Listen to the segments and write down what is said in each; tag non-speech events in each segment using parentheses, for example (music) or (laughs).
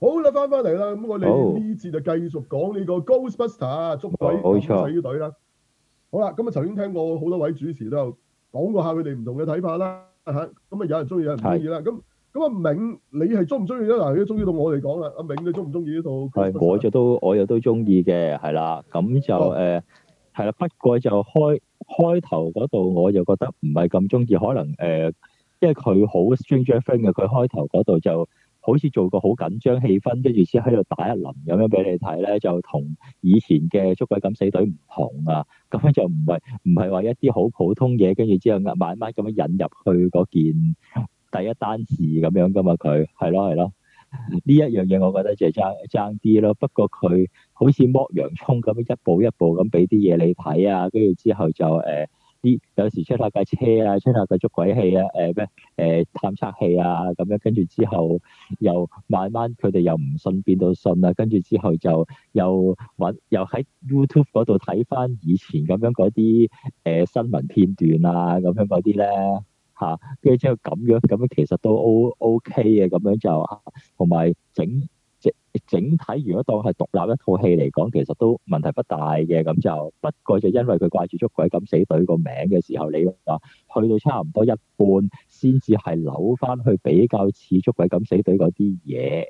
好啦，翻返嚟啦，咁好我哋呢次就繼續講呢個 Ghostbuster 好捉鬼敢死隊啦。錯好啦，咁啊，曾經聽過好多位主持都有講過下佢哋唔同嘅睇法啦吓。咁啊，有人中意，有人唔中意啦。咁咁啊，銘，你係中唔中意咧？嗱，你中意到我哋講啦，阿銘你中唔中意呢套？係，我，都我都就都我又都中意嘅，係啦、哦。咁就誒，係啦。不過就開開頭嗰度我就覺得唔係咁中意，可能誒、呃，因為佢好 strange friend 嘅，佢開頭嗰度就。好似做個好緊張氣氛，跟住先喺度打一輪咁樣俾你睇咧，就同以前嘅捉鬼敢死隊唔同啊！咁樣就唔係唔係話一啲好普通嘢，跟住之後慢慢咁樣引入去嗰件第一單事咁樣噶嘛？佢係咯係咯，呢一、嗯、樣嘢我覺得就係爭爭啲咯。不過佢好似剝洋葱咁樣一步一步咁俾啲嘢你睇啊，跟住之後就誒。呃啲有時出下架車啊，出下架捉鬼器啊，誒咩誒探測器啊，咁樣跟住之後又慢慢佢哋又唔信變到信啦、啊，跟住之後就又揾又喺 YouTube 嗰度睇返以前咁樣嗰啲誒新聞片段啊，咁樣嗰啲咧嚇，跟住之後咁樣咁樣其實都 O O K 嘅，咁樣就同埋、啊、整。整整體，如果當係獨立一套戲嚟講，其實都問題不大嘅。咁就不過就因為佢掛住捉鬼敢死隊個名嘅時候，你話去到差唔多一半，先至係扭翻去比較似捉鬼敢死隊嗰啲嘢。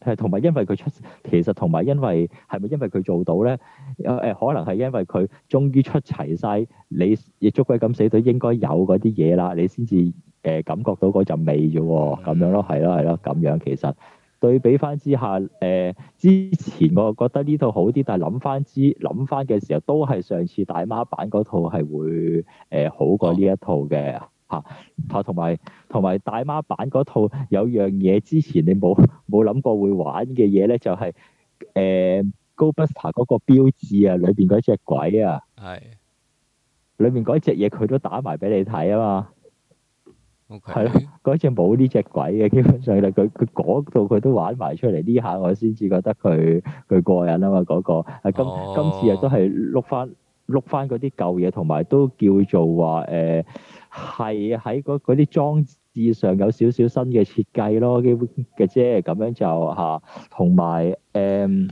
係同埋因為佢出，其實同埋因為係咪因為佢做到咧？誒可能係因為佢終於出齊晒你，你捉鬼敢死隊應該有嗰啲嘢啦，你先至誒感覺到嗰陣味啫喎。咁樣咯，係咯，係咯，咁樣其實。對比翻之下，誒之前我覺得呢套好啲，但係諗翻之諗翻嘅時候，都係上次大媽版嗰套係會誒、呃、好過呢一套嘅嚇。嚇同埋同埋大媽版嗰套有樣嘢，之前你冇冇諗過會玩嘅嘢咧，就係、是、誒、呃、Ghostbusters 嗰個標誌啊，裏邊嗰隻鬼啊，係裏是面嗰隻嘢佢都打埋俾你睇啊嘛。係咯，嗰隻冇呢隻鬼嘅，基本上咧，佢佢嗰度佢都玩埋出嚟，呢下我先至覺得佢佢過癮啊嘛，嗰、嗰個今、oh. 今次啊都係碌翻碌翻嗰啲舊嘢，同埋都叫做話誒，係喺嗰啲裝置上有少少新嘅設計咯，基本嘅啫，咁樣就嚇，同埋誒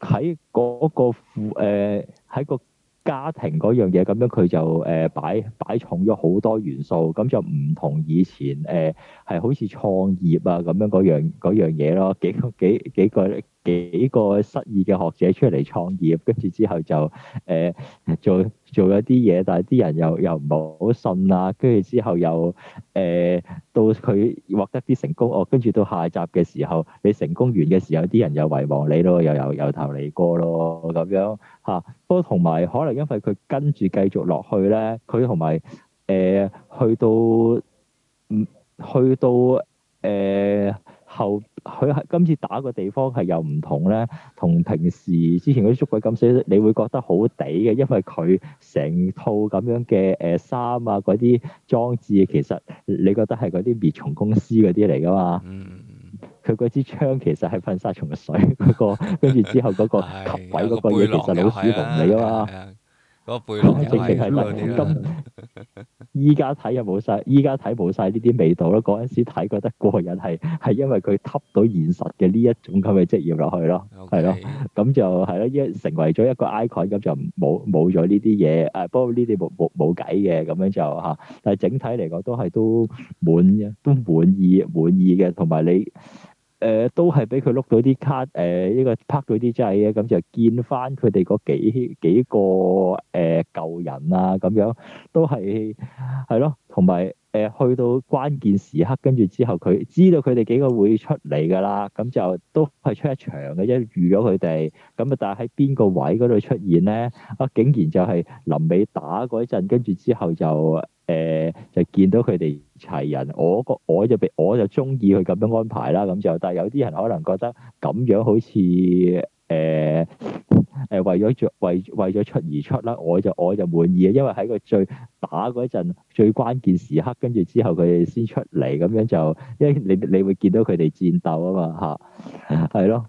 喺嗰個喺個。呃家庭嗰樣嘢，咁樣佢就誒、呃、擺擺重咗好多元素，咁就唔同以前誒係、呃、好似創業啊咁樣嗰樣嗰樣嘢咯，幾幾幾個。幾個失意嘅學者出嚟創業，跟住之後就誒、呃、做做咗啲嘢，但係啲人又又唔係好信啊，跟住之後又誒、呃、到佢獲得啲成功哦，跟住到下集嘅時候，你成功完嘅時候，啲人又遺忘你咯，又又由頭嚟過咯咁樣嚇。不過同埋可能因為佢跟住繼續落去咧，佢同埋誒去到去到誒。呃後佢係今次打個地方係又唔同咧，同平時之前嗰啲捉鬼咁，所以你會覺得好抵嘅，因為佢成套咁樣嘅衫、呃、啊，嗰啲裝置其實你覺得係嗰啲滅蟲公司嗰啲嚟噶嘛。嗯，佢嗰支槍其實係噴殺蟲嘅水、嗰個，嗰跟住之後嗰個吸鬼嗰個嘢 (laughs) 背其實係老鼠同你嘅啊嘛。 (laughs) 嗰背影又今，依家睇又冇晒，依家睇冇晒呢啲味道咯。嗰陣時睇覺得過癮，係係因為佢吸到現實嘅呢一種咁嘅職業落去咯，係咯咁就係咯，因為成為咗一個 icon 咁就冇冇咗呢啲嘢誒，不過呢啲冇冇冇計嘅咁樣就吓、啊，但係整體嚟講都係都滿都滿意滿意嘅，同埋你。誒、呃、都係俾佢碌到啲卡，誒呢個拍到啲掣嘅，咁就見翻佢哋嗰幾幾個、呃、舊人啊，咁樣都係係咯，同埋。去到關鍵時刻，跟住之後佢知道佢哋幾個會出嚟㗎啦，咁就都係出一場嘅，一遇咗佢哋，咁啊，但係喺邊個位嗰度出現咧？啊，竟然就係臨尾打嗰陣，跟住之後就誒、呃、就見到佢哋齊人，我個我就俾我就中意佢咁樣安排啦，咁就，但係有啲人可能覺得咁樣好似。誒誒、呃呃，為咗着，為為咗出而出啦，我就我就滿意啊，因為喺個最打嗰陣最關鍵時刻，跟住之後佢哋先出嚟，咁樣就，因為你你會見到佢哋戰鬥啊嘛，吓、啊、係咯，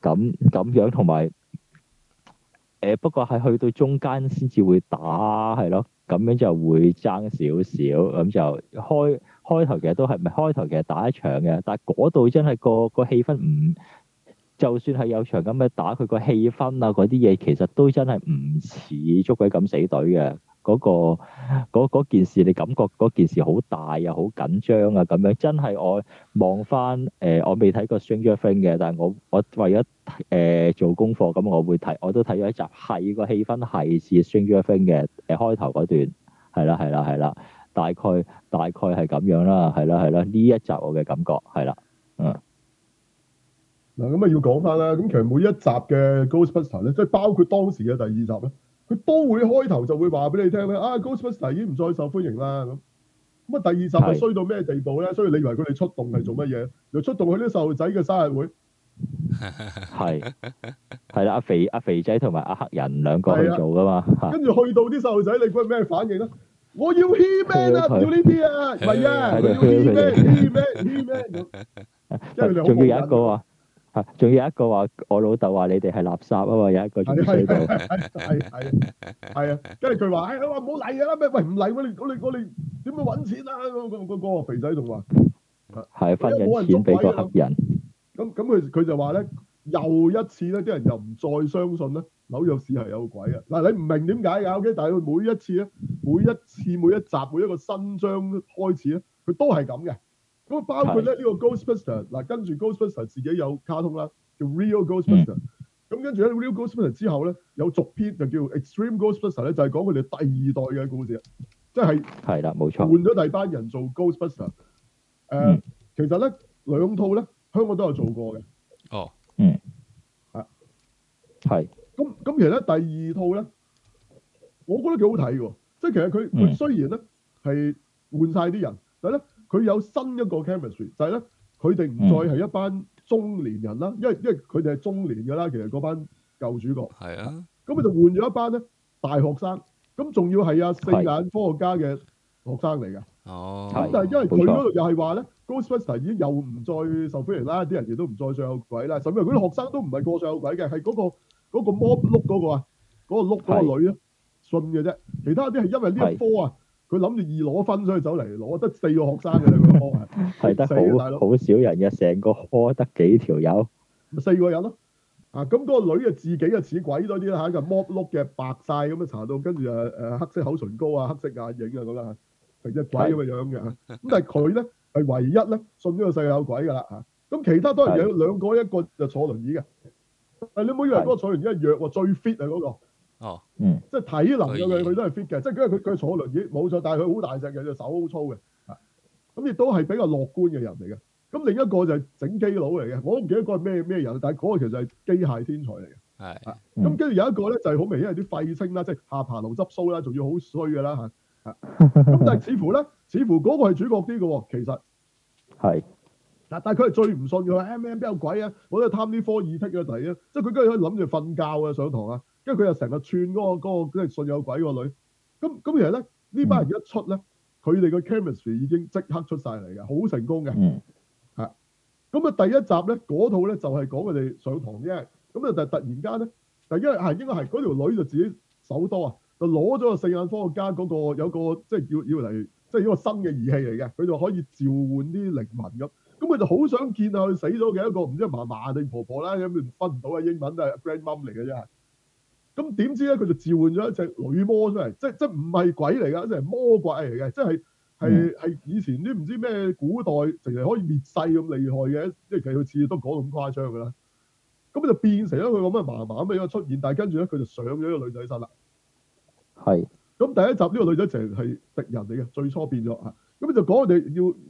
咁咁樣同埋誒，不過係去到中間先至會打，係咯，咁樣就會爭少少，咁就開開頭其實都係咪開頭其實打一場嘅，但係嗰度真係個個氣氛唔。就算係有場咁嘅打，佢個氣氛啊，嗰啲嘢其實都真係唔似捉鬼敢死隊嘅嗰、嗰個件事。你感覺嗰件事好大又、啊、好緊張啊，咁樣真係我望翻、呃、我未睇過 Stranger Things 嘅，但係我我為咗、呃、做功課，咁我會睇，我都睇咗一集，係、嗰個氣氛係似 Stranger Things 嘅誒開頭嗰段，係啦係啦係啦，啦，大概大概係咁樣啦，係啦係啦，呢一集我嘅感覺係啦，嗯。嗱咁啊，咪要講翻啦。咁其實每一集嘅 Ghostbuster 咧，即係包括當時嘅第二集咧，佢都會開頭就會話俾你聽啊，Ghostbuster 已經唔再受歡迎啦。咁咁啊，第二集係衰到咩地步咧？是所以你以為佢哋出動係做乜嘢？嗯、又出動去啲細路仔嘅生日會。係係啦，阿肥阿肥仔同埋阿黑人兩個去做㗎嘛。的啊、跟住去到啲細路仔，你估咩反應咧？我要 He-Man 啊！他唔要呢啲啊，唔係啊！ (laughs) 要 He-Man (laughs) He-Man He-Man, man。仲要 (laughs) 有一個啊！仲有一個話，我老豆話你哋係垃圾啊嘛！有一個肥仔同，係係係啊，跟住佢話：，哎，我話唔好嚟啊啦！咩？喂，唔嚟喎！你你你點樣揾錢啊？嗰、嗰個肥仔仲話：係、哎，啊的，因為人錢俾個黑人。咁咁佢佢就話咧，又一次咧，啲人又唔再相信咧，紐約市係有鬼啊，嗱，你唔明點解嘅？OK，但係每一次咧，每一次，每一次，每一集每一個新章開始咧，佢都係咁嘅。咁包括咧呢個 Ghostbuster，嗱的跟住 Ghostbuster 自己有卡通啦，叫 Real Ghostbuster、嗯。咁跟住咧 Real Ghostbuster 之後咧，有續篇就叫 Extreme Ghostbuster 咧，就係講佢哋第二代嘅故事，即係係啦，冇錯，換咗第二班人做 Ghostbuster。誒、嗯呃，其實咧兩套咧，香港都有做過嘅。哦，嗯的，係係的。咁咁，其實咧第二套咧，我覺得幾好睇嘅，即係其實佢佢雖然咧係換晒啲人，但係咧。佢有新一個 chemistry 就係咧，佢哋唔再係一班中年人啦，嗯、因為因為佢哋係中年嘅啦。其實嗰班舊主角係啊，咁佢就換咗一班咧，大學生，咁仲要係阿四眼科學家嘅學生嚟㗎。哦是，咁但係因為佢嗰度又係話咧，Ghostbusters 已經又唔再受歡迎啦，啲人亦都唔再上有鬼啦。甚至佢啲學生都唔係、嗯那個上有鬼嘅，係嗰、嗯那個嗰、嗯那個魔碌嗰個啊，嗰個碌嗰個女啊，是信嘅啫。其他啲係因為呢一科是啊。佢諗住易攞分，所以走嚟攞得四個學生嘅兩個科個，係得好好少人嘅，成個科得幾條友，咪四個人咯。啊，咁、那、嗰個女啊自己啊似鬼多啲啦嚇，個剝碌嘅白曬咁樣搽到，跟住誒誒黑色口唇膏啊，黑色眼影啊咁啦，成隻鬼咁嘅樣嘅嚇。咁的但係佢咧係唯一咧信呢個世界有鬼噶啦嚇。咁、啊、其他都係有的兩個一個就坐輪椅嘅，但、啊、係你唔好以為嗰個坐輪椅係弱喎，的最 fit 啊嗰、那個。哦，嗯，即係體能嘅嘢，佢以都係 fit 嘅，即係因佢佢坐輪椅冇錯，但係佢好大隻嘅，隻手好粗嘅，啊，咁亦都係比較樂觀嘅人嚟嘅。咁另一個就係整機佬嚟嘅，我都唔記得嗰個咩咩人，但係嗰個其實係機械天才嚟嘅，係咁跟住有一個咧就係好明顯係啲廢青啦，即係下爬爐執鬚啦，仲要好衰嘅啦吓，咁 (laughs) 但係似乎咧，似乎嗰個係主角啲嘅，其實係，嗱是，但係佢係最唔信佢 M M 邊有鬼啊，我都係貪啲科二 t 嘅題啊，即係佢跟住可以諗住瞓覺啊，上堂啊。因為佢又成日串嗰、嗰個即係、嗰個、信有鬼個女，咁咁其實咧，呢班人一出咧，佢哋個 chemistry 已經即刻出晒嚟嘅，好成功嘅。咁啊第一集咧嗰套咧就係、係、講佢哋上堂啫，咁啊就突然間咧，因為係應該係嗰條女就自己手多啊，就攞咗個四眼科學家嗰、嗰個有個即係、就係、要嚟即係一個新嘅儀器嚟嘅，佢就可以召喚啲靈魂咁，咁佢就好想見下佢死咗嘅一個唔知嫲嫲定婆婆啦，咁分唔到嘅英文都係 grandma 嚟嘅啫。咁點知咧？佢就召喚咗一隻女魔出嚟，即即唔係鬼嚟嘅，一隻係魔鬼嚟嘅，即係係以前啲唔知咩古代成日可以滅世咁厲害嘅，即係佢次次都講咁誇張㗎啦。咁就變成咗佢咁嘅麻麻咁嘅一個出現，但係跟住咧佢就上咗個女仔身啦。係咁是第一集呢個女仔成係敵人嚟嘅，最初變咗啊。咁就講佢哋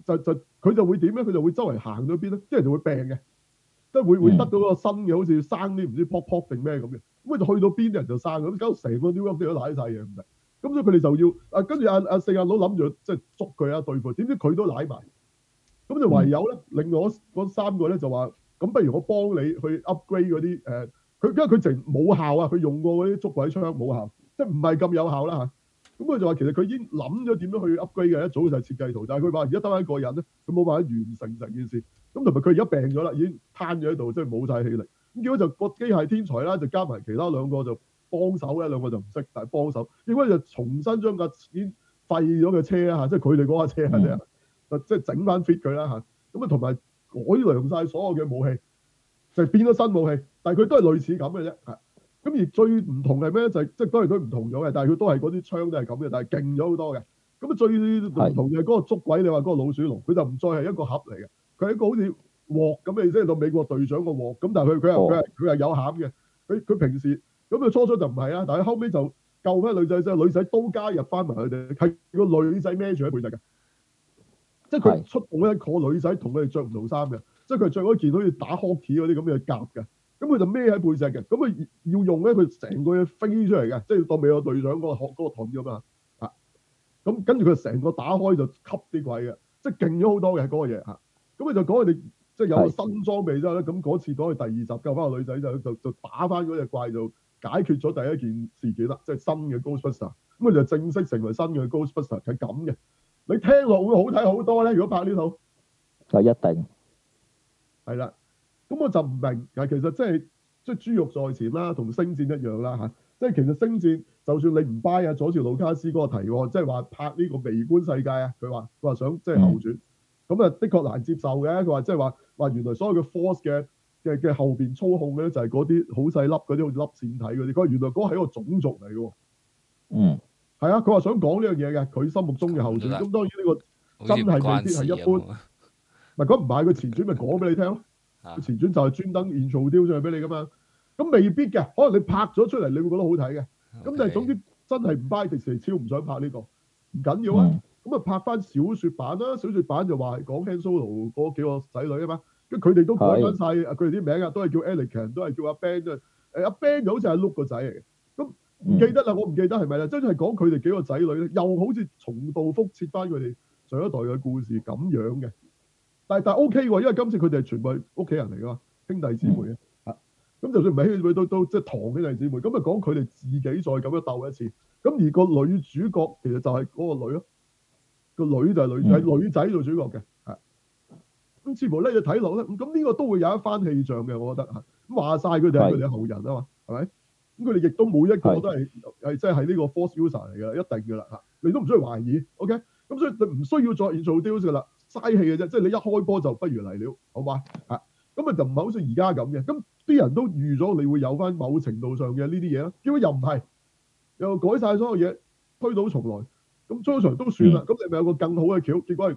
要就就佢就會點咧？佢就會周圍行到邊咧？即係就會病嘅，即係會、嗯、會得到嗰個新嘅，好似生啲唔知卜卜定咩咁嘅。泡泡咁就去到邊啲人就生咁，搞到成個 New York 都都瀨曬嘢咁滯。咁所以佢哋就要啊，跟住阿啊，啊四眼佬諗住即係捉佢啊對付佢，點知佢都瀨埋。咁就唯有咧，另外嗰三個咧就話，咁不如我幫你去 upgrade 嗰啲誒。佢、呃、因為佢成冇效啊，佢用過嗰啲捉鬼槍冇效，即係唔係咁有效啦、啊、嚇。咁佢就話其實佢已經諗咗點樣去 upgrade 嘅，一早就係設計圖，但係佢話而家得翻一個人咧，佢冇辦法完成成件事。咁同埋佢而家病咗啦，已經攤咗喺度，即係冇晒氣力。咁結果就個機械天才啦，就加埋其他兩個就幫手咧，兩個就唔識，但係幫手。結果就重新將架全廢咗嘅車啊，即係佢哋嗰架車啊，即係即係整翻 fit 佢啦嚇。咁啊，同埋改良晒所有嘅武器，就變咗新武器。但係佢都係類似咁嘅啫，係。咁而最唔同係咩？就係即係當然佢唔同咗嘅，但係佢都係嗰啲槍都係咁嘅，但係勁咗好多嘅。咁啊，最唔同嘅嗰個捉鬼，你話嗰個老鼠籠，佢就唔再係一個盒嚟嘅，佢係一個好似鑊咁你即係，到美國隊長個鑊咁，但係佢佢又佢又佢又有餡嘅。佢佢平時咁佢初初就唔係啊，但係後尾就救翻女仔先，女仔都加入翻埋佢哋，係個女仔孭住喺背脊嘅。即係佢出洞一個女仔同佢哋着唔同衫嘅，即係佢着嗰件好似打 hockey 嗰啲咁嘅夾嘅，咁佢就孭喺背脊嘅，咁佢要用咧，佢成個嘢飛出嚟嘅，即係當美國隊長嗰個嗰個盾咁啊。咁跟住佢成個打開就吸啲鬼嘅，即係勁咗好多嘅嗰個嘢嚇。咁、啊、佢就講佢哋。即係有個新裝備之後咧，咁嗰的次嗰個第二集救翻個女仔就就就打翻嗰隻怪物就解決咗第一件事件啦，即、就、係、是、新嘅 Ghostbuster。咁佢就正式成為新嘅 Ghostbuster 係咁嘅。你聽落會好睇好多咧。如果拍呢套，就一定係啦。咁我就唔明啊。其實即係即豬肉在前啦，同星戰一樣啦嚇。即、啊、係、就是、其實星戰就算你唔 buy 啊，佐治魯卡斯嗰個提喎，即係話拍呢個微觀世界啊。佢話佢話想即係、就是、後傳。嗯咁啊、嗯，的確難接受嘅。佢話即係話話原來所有嘅 force 嘅嘅嘅後邊操控咧，就係嗰啲好細粒嗰啲粒線體嗰啲。佢話原來嗰個係一個種族嚟嘅。嗯，係啊。佢話想講呢樣嘢嘅，佢心目中嘅後傳。咁、嗯、當然呢個、啊、真係未必係一般。唔係、啊，咁唔係佢前傳咪講俾你聽咯。佢、啊、前傳就係專登現造刁上俾你㗎嘛。咁未必嘅，可能你拍咗出嚟，你會覺得好睇嘅。咁 okay, 但係總之真係唔 buy 迪士尼超唔想拍呢、呢個，唔緊要啊。嗯咁啊，就拍翻小説版啦！小説版就話講 Han Solo 幾個仔女啊嘛，跟佢哋都改翻晒，佢哋啲名啊，都係叫 Elican 都係叫阿 Ben。誒阿 Ben 就好似阿 Luke 個仔嚟嘅，咁唔記得啦，我唔記得係咪啦。即係講佢哋幾個仔女咧，又好似重蹈覆轍翻佢哋上一代嘅故事咁樣嘅。但係但係 OK 喎，因為今次佢哋全部係屋企人嚟噶嘛，兄弟姊妹啊咁、嗯、就算唔係兄弟都都，都，都即係堂兄弟姊妹，咁啊講佢哋自己再咁樣鬥一次。咁而個女主角其實就係嗰個女咯。個女就係女仔，嗯、女仔做主角嘅，係咁，似乎咧就睇落咧，咁呢個都會有一番氣象嘅，我覺得嚇。咁話晒佢哋係佢哋嘅後人啊嘛，係咪？咁佢哋亦都冇一個都係係即係喺呢個 force user 嚟嘅，一定嘅啦嚇。你都唔需要懷疑，OK？咁所以你唔需要再 introduce 嘅啦，嘥氣嘅啫。即係你一開波就不如嚟了，好嘛？嚇咁啊，就唔係好似而家咁嘅。咁啲人都預咗你會有翻某程度上嘅呢啲嘢啦，結果又唔係，又改晒所有嘢，推倒重來。咁通常都算啦，咁、嗯、你咪有個更好嘅橋，嗯、結果係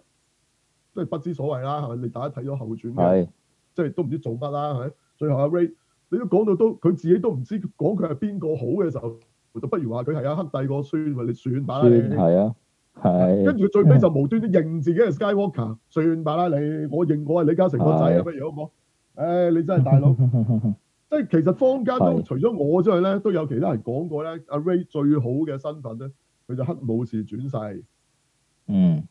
即係不知所謂啦，係咪？你大家睇咗後傳嘅，的即係都唔知做乜啦，係咪？最後阿 Ray，你都講到都佢自己都唔知講佢係邊個好嘅時候，就不如話佢係阿黑帝個孫，咪你算吧你。算係啊，係。跟住最尾就無端端認自己係 Skywalker，的算吧啦，你我認我係李嘉誠個仔啊，不的如咁講。誒、哎，你真係大佬， (laughs) 即係其實坊間都的除咗我之外咧，都有其他人講過咧，阿 Ray 最好嘅身份咧，佢就黑武士轉世，嗯，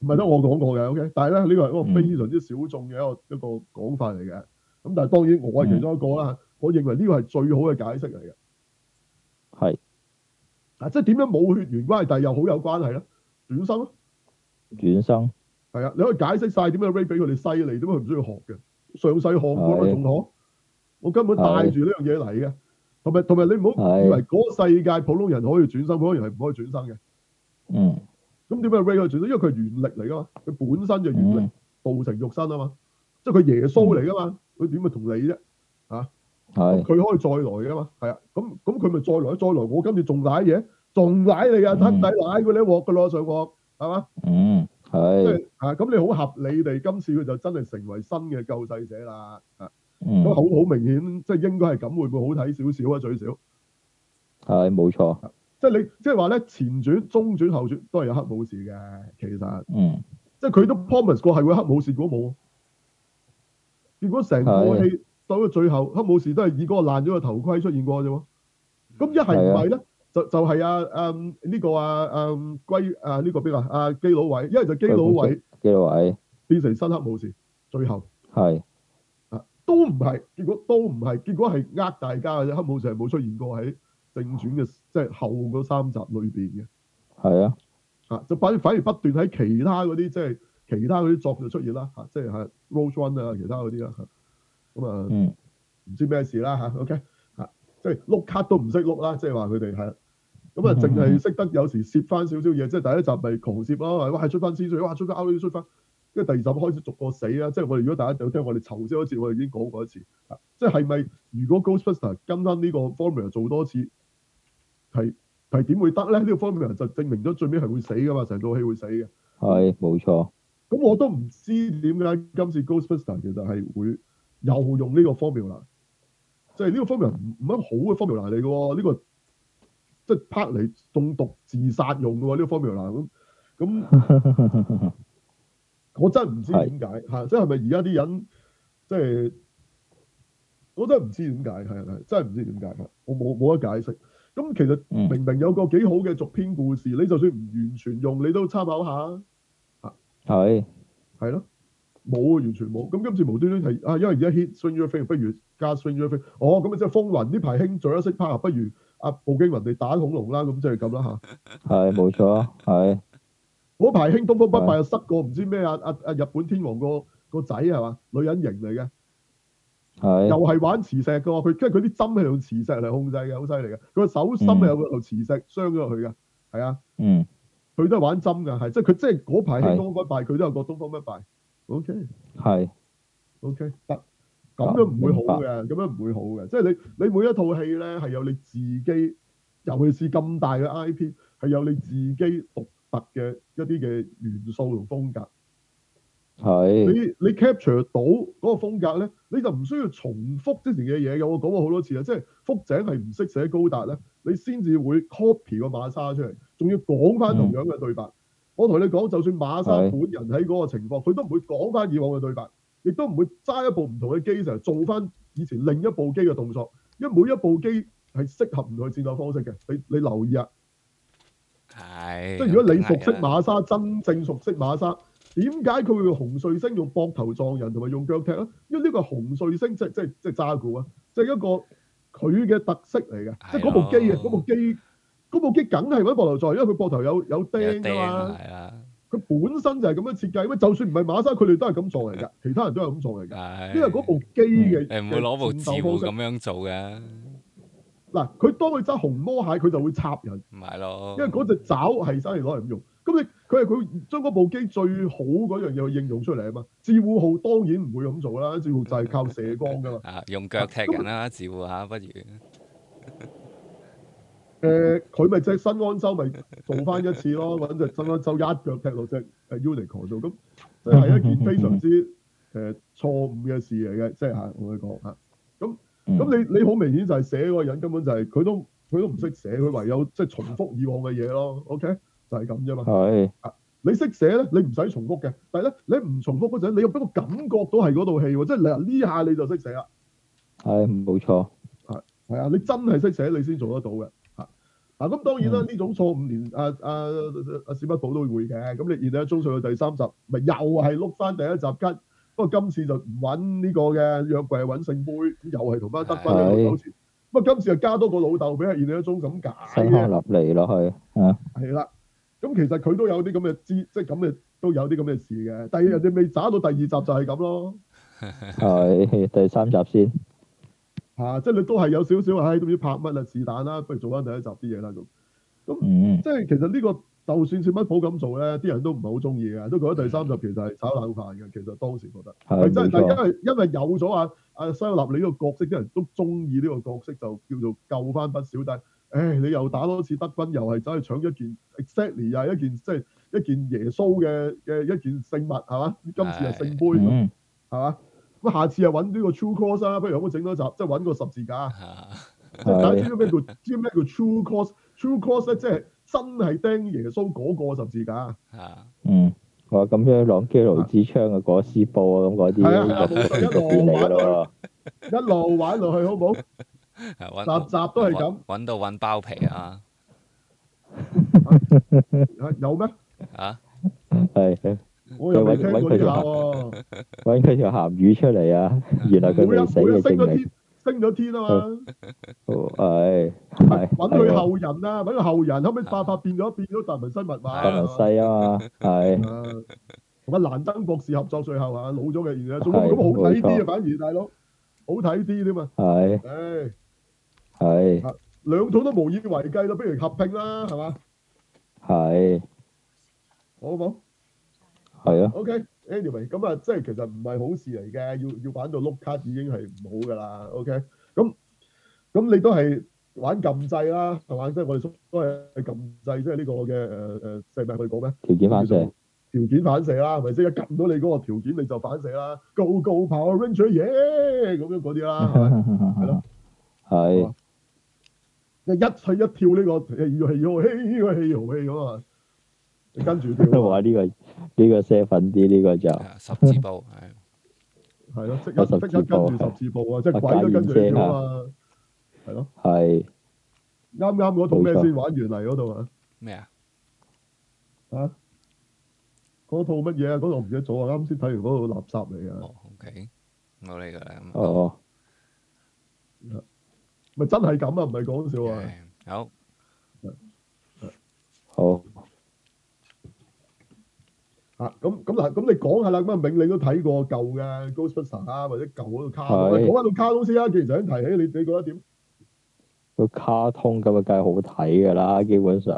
唔係得我講過嘅，OK 但。但係咧，呢個係一個非常之小眾嘅一個一個講法嚟嘅。咁、嗯、但係當然我係其中一個啦。嗯、我認為呢個係最好嘅解釋嚟嘅。係是，嗱，即係點樣冇血緣關係，但係又好有關係咧？轉生咯，轉生，係啊。你可以解釋晒點樣 Ray 比佢哋犀利，點解佢唔需要學嘅？上世學過啦，仲學是。我根本帶住呢樣嘢嚟嘅。是同埋同埋，你唔好以為嗰個世界普通人可以轉生，的普通人係唔可以轉生嘅。嗯。咁點解 Ray 佢可以轉生？因為佢係原力嚟噶嘛，佢本身就原力，嗯、道成肉身啊嘛，即係佢耶穌嚟噶嘛，佢點、嗯、會同你啫？嚇的。係。佢可以再來噶嘛？係啊。咁咁佢咪再來？再來，我今次仲舐嘢，仲舐你啊，親仔舐嗰啲鑊㗎咯，上鑊係嘛？嗯。係。即係咁你好合理地今次佢就真係成為新嘅救世者啦。好好、嗯、明顯，即係應該係咁，會唔會好睇少少啊？最少係冇錯，是錯即係你即係話咧，前傳、中傳、後傳都係有黑武士嘅，其實，嗯，即係佢都 promise 過係會黑武士，如果冇，結果成個戲到咗最後，的黑武士都係以嗰個爛咗個頭盔出現過啫，咁一係唔係咧，就就係呢個啊，阿、嗯、龜，呢、啊這個邊啊，啊？基佬位，一係就是基佬位，基佬位，變成新黑武士，最後係。都唔係，結果都唔係，結果係呃大家嘅啫，黑武士係冇出現過喺正傳嘅即係後嗰三集裏邊嘅。係啊，嚇就反反而不斷喺其他嗰啲即係其他嗰啲作就出現啦，嚇即係嚇 Rose One 啊，其他嗰啲啦，咁啊唔知咩事啦嚇，OK 嚇即係碌卡都唔識碌啦，即係話佢哋係咁啊，淨係識得有時攝翻少少嘢，即係第一集咪狂攝咯，哇係出翻先，所哇出翻出翻。即係第二集開始逐個死啦，即係我哋如果大家有聽我哋籌先嗰次，我哋已經講過一次，即係係咪如果 Ghostbuster 跟返呢個 formula 做多次，係係點會得咧？呢、這個 formula 就證明咗最尾係會死噶嘛，成套戲會死嘅。係，冇錯。咁我都唔知點解今次 Ghostbuster 其實係會又用呢個 formula，即係、就、呢、是、個 formula 唔唔係好嘅 formula 嚟嘅喎、哦，呢、這個即係拍嚟中毒自殺用嘅喎，呢、這個 formula 咁咁。 (laughs) 我真係唔知點解吓，即係係咪而家啲人即係、就是、我真係唔知點解，係係真係唔知點解嘅，我冇冇得解釋。咁其實明明有個幾好嘅續篇故事，嗯、你就算唔完全用，你都參考下啊。係係咯，冇完全冇。咁今次無端端係啊，因為而家 hit Stranger Things，不如加 Stranger Things。哦，咁啊即係風雲呢排興咗一式配合，不如阿步驚雲哋打恐龍啦，咁即係咁啦吓？係、啊、冇錯，係。嗰排興東方不敗又塞過唔知咩啊，啊啊日本天王個個仔係嘛，女人型嚟嘅，係的又係玩磁石嘅，佢即係佢啲針係用磁石嚟控制嘅，好犀利嘅。佢個手心有個磁石傷他的，傷咗佢㗎，係啊，嗯，佢都係玩針㗎，係即係佢即係嗰排興東方不敗，佢都的有個東方不敗。O K，係，O K，得，咁樣唔會好嘅，咁行行樣唔會好嘅。即係你你每一套戲咧係有你自己，尤其是咁大嘅 I P，係有你自己特嘅一啲嘅元素同風格，係的你你 capture 到嗰個風格咧，你就唔需要重複之前嘅嘢嘅。我講過好多次啦，即係福井係唔識寫高達咧，你先至會 copy 個馬沙出嚟，仲要講翻同樣嘅對白。嗯、我同你講，就算馬沙本人喺嗰個情況，佢的都唔會講翻以往嘅對白，亦都唔會揸一部唔同嘅機成日做翻以前另一部機嘅動作，因為每一部機係適合唔同嘅戰鬥方式嘅。你你留意。啊。係，哎、即係如果你熟悉馬莎，真正熟悉馬莎，點解佢會紅碎星用膊頭撞人同埋用腳踢啊？因為呢個紅碎星即即即渣古啊，即、就、係、是就是就是就是、一個佢嘅特色嚟嘅，哎、呦即係嗰部機啊，嗰部機部機梗係位膊頭撞，因為佢膊頭有有釘㗎嘛，佢本身就係咁樣設計，乜就算唔係馬莎，佢哋都係咁做嚟㗎， (laughs) 其他人都係咁做嚟㗎，哎、因為嗰部機嘅，嗯、你唔會攞部紙冇咁樣做嘅。嗱，佢當佢揸紅魔蟹，佢就會插人，唔係咯，因為嗰隻爪係真係攞嚟咁用。咁你佢係佢將部機最好嗰樣嘢去應用出嚟啊嘛。自護號當然唔會咁做啦，自護就係靠射光噶嘛。啊， (laughs) 用腳踢人啦、啊，自那護下不如。誒、呃，佢咪即係新安州咪做翻一次咯？揾隻 (laughs) 新安州一腳踢落隻誒 unicorn 度，咁即係一件非常之誒、 (laughs) 呃、錯誤嘅事嚟嘅。即係嚇，我哋講嚇。咁、嗯、你你好明顯就係寫嗰個人根本就係佢都佢都唔識寫，佢唯有即係重複以往嘅嘢咯。OK，就係咁啫嘛。係是。你識寫咧，你唔使重複嘅。但係咧，你唔重複嗰陣，你要俾我感覺到係嗰套戲喎。即係嗱呢下你就識寫啦。係冇錯，係係啊！你真係識寫，你先做得到嘅。嚇、啊、嗱，咁當然啦，呢種錯誤連阿阿阿史匹堡都會嘅。咁你然後追上去第三集，咪又係碌翻第一集吉。不過今次就唔揾呢個嘅，約櫃係揾聖杯，又係同班德芬嘅老千。咁今次又加多個老豆俾人演一宗咁解嘅。死立嚟落去，係啊，係啦。咁其實佢都有啲咁嘅知，即係咁嘅都有啲咁嘅事嘅。但係人哋未渣到第二集就係咁咯。係第三集先。嚇、啊！即係你都係有少少，唉、哎，都唔知拍乜啦，是但啦，不如做翻第一集啲嘢啦咁。咁、嗯、即係其實呢、這個。就算薛乜普咁做咧，啲人都唔係好中意嘅，都覺得第三集其實係炒冷飯嘅。其實當時覺得係的真係，錯但係因為因為有咗啊啊修立你呢個角色，啲人都中意呢個角色，就叫做救翻不少。但係，唉、哎，你又打多次德軍，又係走去搶一件 excali，又係一件即係、就是、一件耶穌嘅嘅一件聖物係嘛？今次係聖杯咁係嘛？咁的的下次又揾呢個 true cause 啦，不如我幫整多集，即係揾個十字架，即係睇下知咩叫知咩叫 true cause。true cause 咧即係。真係釘耶穌嗰個十字架，嗯，我咁樣朗基努斯之槍啊，裹屍布啊，咁嗰啲一路玩落去，一路玩落去，好唔好？集集都係咁，搵到搵包皮啊？有咩？啊？係，搵佢下，搵佢條鹹魚出嚟啊！原來佢未死嘅證明。升咗天啊嘛，係揾佢後人啊，揾個後人，後尾發發變咗，變咗達文西密碼？達文西啊嘛，係，同阿蘭登博士合作最後吓，老咗嘅，原來做咁好睇啲啊，反而大佬好睇啲啊嘛，係，係，兩組都無以為繼咯，不如合併啦，係嘛，係，好冇？係啊，OK。anyway 咁啊，即係其實唔係好事嚟嘅，要要玩到碌卡已經係唔好噶、okay? 啦。OK，咁咁你都係玩撳掣啦，係、就、嘛、是這個？即、呃、係我哋都係撳掣，即係呢個嘅誒誒，係咪係佢講咩？條件反射，條件反射啦，係咪即一撳到你嗰個條件，你就反射啦。Go go Power Ranger 嘢，咁樣嗰啲啦，係咪？係咯，係。一去一跳呢、這個，哎呦哎呦，哎呦哎啊！跟住掉啊！我話呢個呢、這個啡粉啲，呢個就 (laughs) 十字步，係，係咯， (laughs) 即刻跟住十字步啊，即係鬼都跟住啊，係咯、啊，係啱啱嗰套咩先玩完嚟嗰度啊？咩啊？吓？嗰套乜嘢啊？嗰套唔記得咗啊！啱先睇完嗰套垃圾嚟、哦 okay 哦、啊！哦，OK，冇理佢哦，咪真係咁啊？唔係講笑啊！啊好，好。嚇，咁咁啦，咁你講下啦。咁啊銘，你都睇過舊嘅《Ghostbuster》啊，或者舊嗰個卡通，講下個卡通先啦。其實想提起你，你覺得點個卡通咁啊？梗係好睇㗎啦，基本上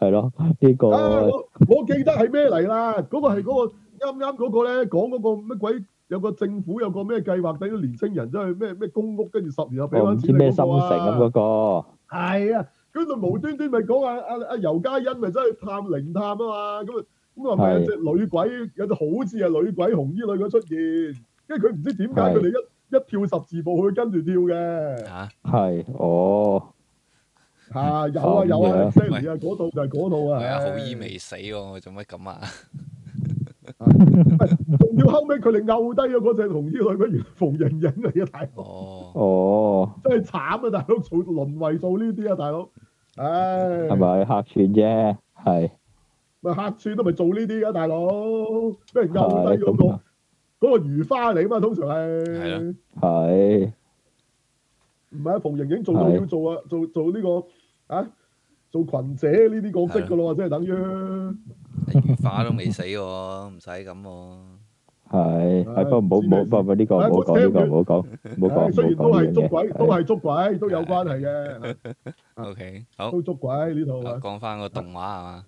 係咯呢個。啊！我我記得係咩嚟啦？嗰個係嗰個啱啱嗰個咧，講嗰個乜鬼，有個政府有個咩計劃，畀啲年青人真係咩咩公屋，跟住十年後俾翻啲年青人。唔知咩心城咁嗰個。係啊！跟住無端端咪講啊啊啊！尤嘉欣咪真係探靈探啊嘛！咁啊～咁係咪有隻女鬼，有隻好似係女鬼、紅衣女鬼出現，跟住佢唔知點解佢哋一一跳十字步去跟住跳嘅。吓？係哦。嚇，有啊有啊，嗰度就係嗰度啊。係啊，好衣未死喎，做乜咁啊？仲要後尾，佢哋摳低咗嗰隻紅衣女鬼，原來馮盈盈嚟啊，大佬。哦。真係慘啊，大佬！做淪為做呢啲啊，大佬。唉。係咪客串啫？係。客串都咪做呢啲噶，大佬咩勾底嗰個嗰個如花嚟噶嘛？通常係係，唔係阿馮盈盈做都要做啊，做做呢個啊，做群姐呢啲角色噶咯，或者係等於如花都未死喎，唔使咁喎。係，係不過唔好唔好唔好呢個，唔好講呢個，唔好講，唔好講。雖然都係捉鬼，都係捉鬼，都有關係嘅。O K，好，都捉鬼呢度。講翻個動畫啊。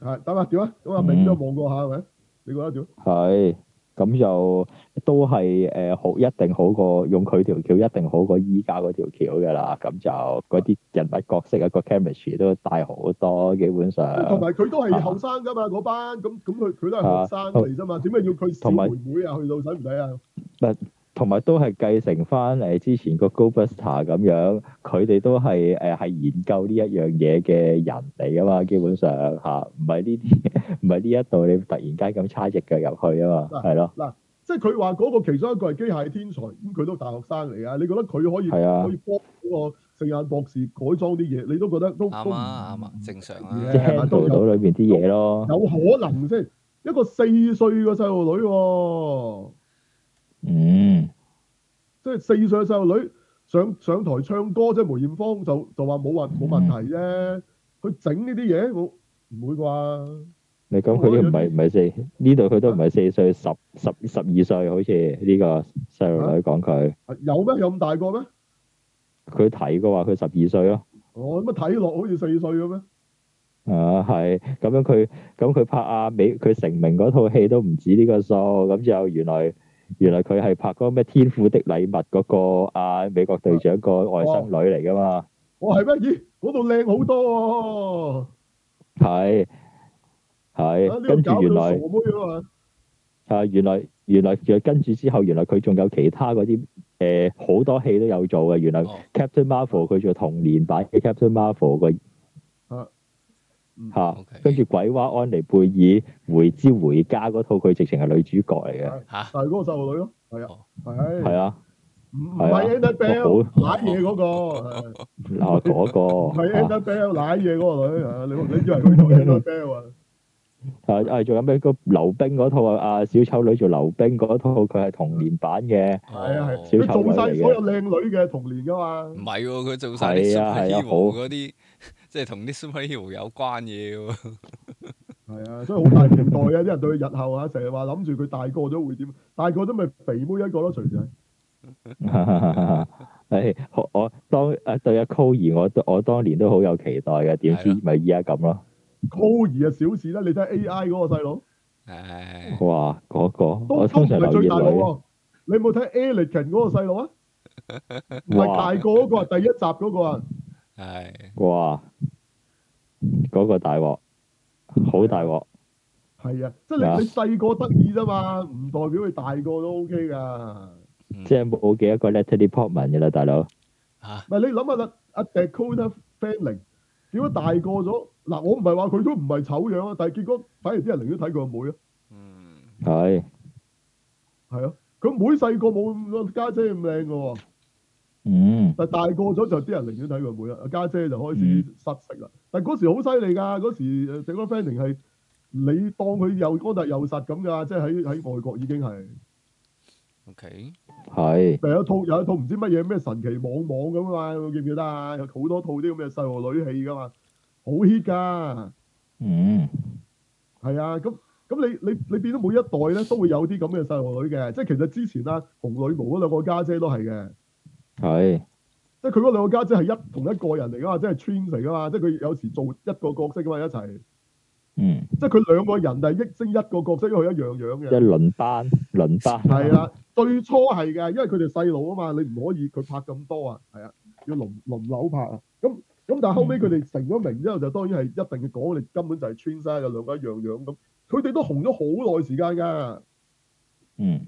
係，等啊點啊？咁阿銘都望過下係咪？嗯、你覺得點？係，咁就都係誒好，一定好過用佢條橋，一定好過依家嗰條橋嘅啦。咁就嗰啲人物角色啊，個 chemistry 都大好多，基本上。同埋佢都係後生㗎嘛，嗰、啊、班咁咁佢佢都係後生嚟啫嘛，點解、啊、要佢小妹妹啊？去到使唔使啊？且同埋都係繼承翻誒之前個 Ghostbusters 咁樣，佢哋都係誒係研究呢一樣嘢嘅人嚟啊嘛，基本上嚇，唔係呢啲唔係呢一度你突然間咁插隻腳入去啊嘛，係、啊、咯。嗱、啊，即係佢話嗰個其中一個係機械天才，咁、嗯、佢都係大學生嚟啊，你覺得佢可以係啊，可以幫嗰個聖誕博士改裝啲嘢，你都覺得都啱啱啊，不正常啊，即係 handle 到裏面啲嘢咯有。有可能先一個四歲嘅細路女喎。嗯，即係四歲嘅細路女上上台唱歌，即係梅艷芳就就話冇話冇問題啫。佢整呢啲嘢，冇唔會啩？你咁佢呢唔係唔係四呢度佢都唔係四歲十十十二歲，好似呢個細路女講佢、啊、有咩有咁大個咩？佢睇過話佢十二歲咯。哦，乜睇落好似四歲咁咩？啊係咁樣，佢咁佢拍阿梅佢成名嗰套戲都唔止呢個數，咁之後原來。原來佢係拍嗰個咩《天賦的禮物》嗰個啊美國隊長個外甥女嚟噶嘛？我係咩？咦，嗰度靚好多啊！係係，跟住原來啊，原來原來，跟住之後，原來佢仲有其他嗰啲誒，好多戲都有做嘅。原來 Captain Marvel 佢做童年版 Captain Marvel 個。吓，跟住鬼娃安妮貝爾回之回家嗰套，佢直情係女主角嚟嘅。吓，但係嗰個細路女咯，係啊，係係啊，唔係安妮貝爾瀨嘢嗰個。啊，嗰個。係安妮貝爾瀨嘢嗰個女，你你認為佢係安妮貝爾啊？係啊，仲有咩個溜冰嗰套啊？啊，小丑女做溜冰嗰套，佢係童年版嘅。係啊，佢做晒所有靚女嘅童年噶嘛？唔係，佢做晒小丑女嗰啲。即係同啲 s u m 有關嘅，係啊，所以好大期待啊！啲人對佢日後啊，成日話諗住佢大個咗會點，大個都咪肥妹一個咯，啊，徐仔。誒、 (laughs) 哎，我當啊對阿 c a 兒，我我當年都好有期待嘅，點知咪而家咁咯 c o l l 兒啊，小事啦，你睇 AI 嗰個細佬？誒、 (laughs) 哎。哇！嗰，那個都我通常係最大個，你有冇睇 e l i c e n 嗰個細佬？啊？唔係大個嗰個，第一集嗰，那個啊。係，是哇！嗰、那個大鑊，好大鑊。係啊，啊，即係你佢細、啊、個得意咋嘛，唔代表佢大個都 O K 噶。嗯、即係冇幾多個 Natalie Portman 噶啦，大佬。唔係你諗下啦，阿 Dakota Fanning 點解大個咗？嗱，我唔係話佢都唔係醜樣啊，但係結果反而啲人嚟都睇佢阿妹，妹、嗯、啊。嗯，係，係啊，佢妹細個冇個家姐咁靚噶喎。嗯，但大個咗就啲人寧願睇佢妹啦，阿家姐就開始失色啦。嗯、但係嗰時好犀利㗎，嗰時誒整個 Fanning 係你當佢又幹但又幼實咁㗎，即係喺喺外國已經係 OK 係、嗯。第一套有一套唔知乜嘢咩神奇網網咁啊，記唔記得啊？有好多套啲咁嘅細路女戲㗎嘛，好 hit 㗎。嗯，係啊，咁咁你你你變咗每一代咧都會有啲咁嘅細路女嘅，即係其實之前啦，紅女巫嗰兩個家姐，姐都係嘅。係，是即係佢嗰兩個家姐係一同一個人嚟噶、就是、嘛，即係 twins 嚟噶嘛，即係佢有時做一個角色噶嘛，一齊，嗯，即係佢兩個人就係一升一個角色，因為佢一樣樣嘅，一輪班輪班，係啦、啊， (laughs) 最初係嘅，因為佢哋細佬啊嘛，你唔可以佢拍咁多啊，係啊，要輪輪流拍啊，咁咁但係後尾佢哋成咗名之後，嗯、就當然係一定嘅講，你根本就係 twins 兩個一樣樣咁，佢哋都紅咗好耐時間㗎，嗯。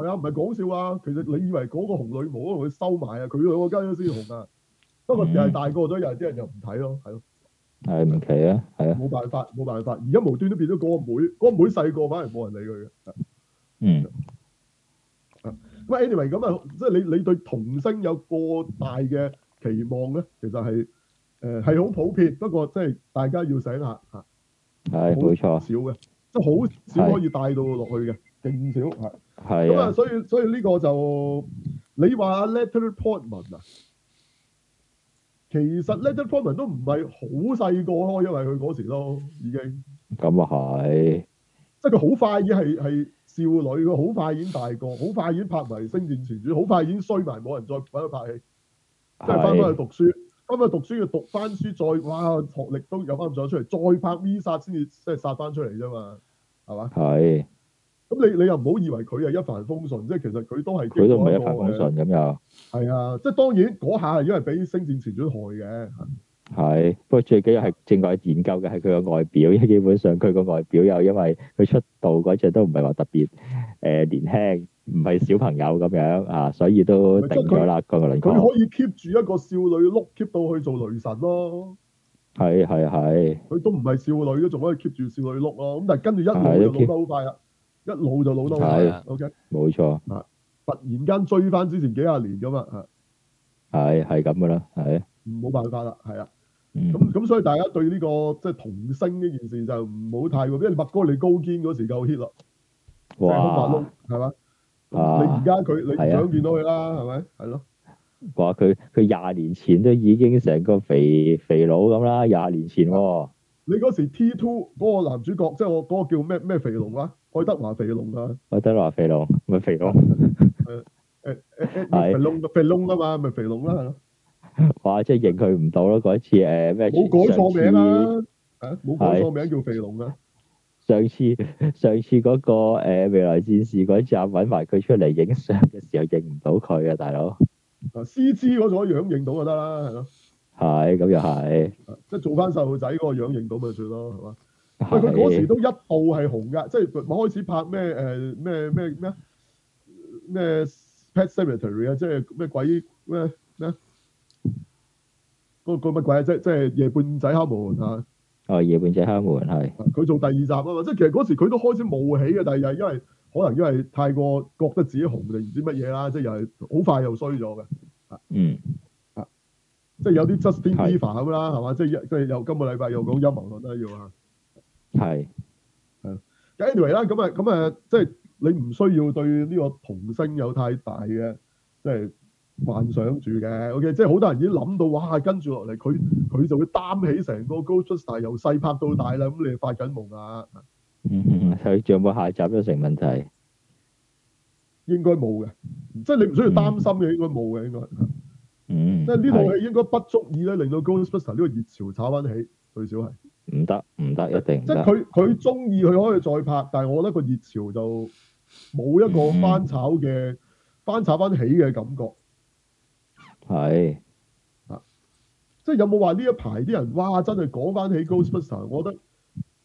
係啊，唔係講笑啊！其實你以為嗰個紅女冇可能收埋啊，佢兩個加咗先紅啊。不過又係大個咗，嗯、又有啲人，人又唔睇咯，係咯。係唔奇啊，係啊。冇辦法，冇辦法。而家無端都變咗嗰個妹，嗰、嗰個妹細個反而冇人理佢嘅。啊、嗯。咁 anyway 咁啊，anyway，即係你你對童星有過大嘅期望咧，其實係誒係好普遍，不過即係大家要醒下嚇。係冇是錯。少嘅，即係好少可以帶到落去嘅，勁的少。係、啊。咁啊、 (noise) 嗯，所以所以呢個就你話 Natalie Portman 啊，其實 Natalie Portman 都唔係好細個咯，因為佢嗰時都已經咁啊，係即係佢好快已經係係少女個，好快已經大個，好快已經拍埋《星戰前傳》，好快已經衰埋冇人再揾佢拍戲，即係翻返去讀書，翻返去讀書要讀翻書，再哇學歷都有翻上出嚟，再拍 V 殺先至即係殺翻出嚟啫嘛，係嘛？係。咁你你又唔好以為佢係一帆風順，即係其實佢都係，佢都唔係一帆風順。咁又係啊！即係當然嗰下係因為俾星戰前傳害嘅，係不過最緊要係正確研究嘅係佢個外表，因為基本上佢個外表又因為佢出道嗰陣都唔係話特別誒、呃、年輕，唔係小朋友咁樣啊，所以都定咗啦，個輪廓佢可以 keep 住一個少女 look keep 到去做雷神咯，係係係。佢都唔係少女咯，仲可以 keep 住少女 look 咯。咁但係跟住一年就老得好快啦。一老就老到啦，OK，冇錯，啊，okay? 錯突然間追翻之前幾廿年噶嘛，係係咁噶啦，係，冇辦法啦，係啊，咁咁、嗯、所以大家對呢、這個即係重生呢件事就唔好太過喎，因為麥哥你高肩嗰時夠 hit 咯，哇，係嘛、啊，你而家佢你想見到佢啦，係咪、啊？係咯、啊，佢佢廿年前都已經成個肥肥佬咁啦，廿年前。你嗰時 T Two 嗰個男主角，即係我嗰、嗰個叫咩咩肥龍啊？愛德華肥龍啊？愛德華肥龍咪肥龍。誒誒肥龍肥龍啊嘛，咪、就是、肥龍啦係咯。哇！即係認佢唔到咯，嗰一次誒咩？冇改錯名次啊！冇改錯名，係叫肥龍啊。上次上次嗰個、呃、未來戰士嗰集揾埋佢出嚟影相嘅時候認，認唔到佢啊，大佬。啊！C G 嗰種樣認到就得啦，係咯、啊。係，咁又係，即係做返細路仔嗰個樣認到咪算咯，係嘛？佢嗰時都一度係紅㗎，即係開始拍咩誒咩咩咩咩 Pet Cemetery 啊，即係咩鬼咩咩嗰個乜鬼啊？即即係夜半仔敲門啊！哦，夜半仔敲門係。佢做第二集啊嘛，即係其實嗰時佢都開始冒起嘅，但係又因為可能因為太過覺得自己紅就唔知乜嘢啦，即係又係好快又衰咗嘅。嗯。即係有啲 Justin Bieber 咁啦是，係嘛？即係即係又今個禮拜又講音樂咯，都要啊。係係。Anyway 啦，咁啊咁啊，即係你唔需要對呢個童星有太大嘅即係幻想住嘅。OK，即係好多人已經諗到，哇！跟住落嚟佢佢就會擔起成個 Ghostbusters 由細拍到大啦。咁你發緊夢啊、嗯？嗯嗯，係仲有冇下集都成問題？應該冇嘅，即係你唔需要擔心嘅、嗯，應該冇嘅，應該。嗯，即係呢套戲應該不足以咧令到 Ghostbuster 呢個熱潮炒翻起，最少係。唔得，唔得，一定。即係佢佢中意佢可以再拍，但係我覺得個熱潮就冇一個翻炒嘅、嗯、翻炒翻起嘅感覺。係啊是，即係有冇話呢一排啲人哇，真係講翻起 Ghostbuster 我覺得。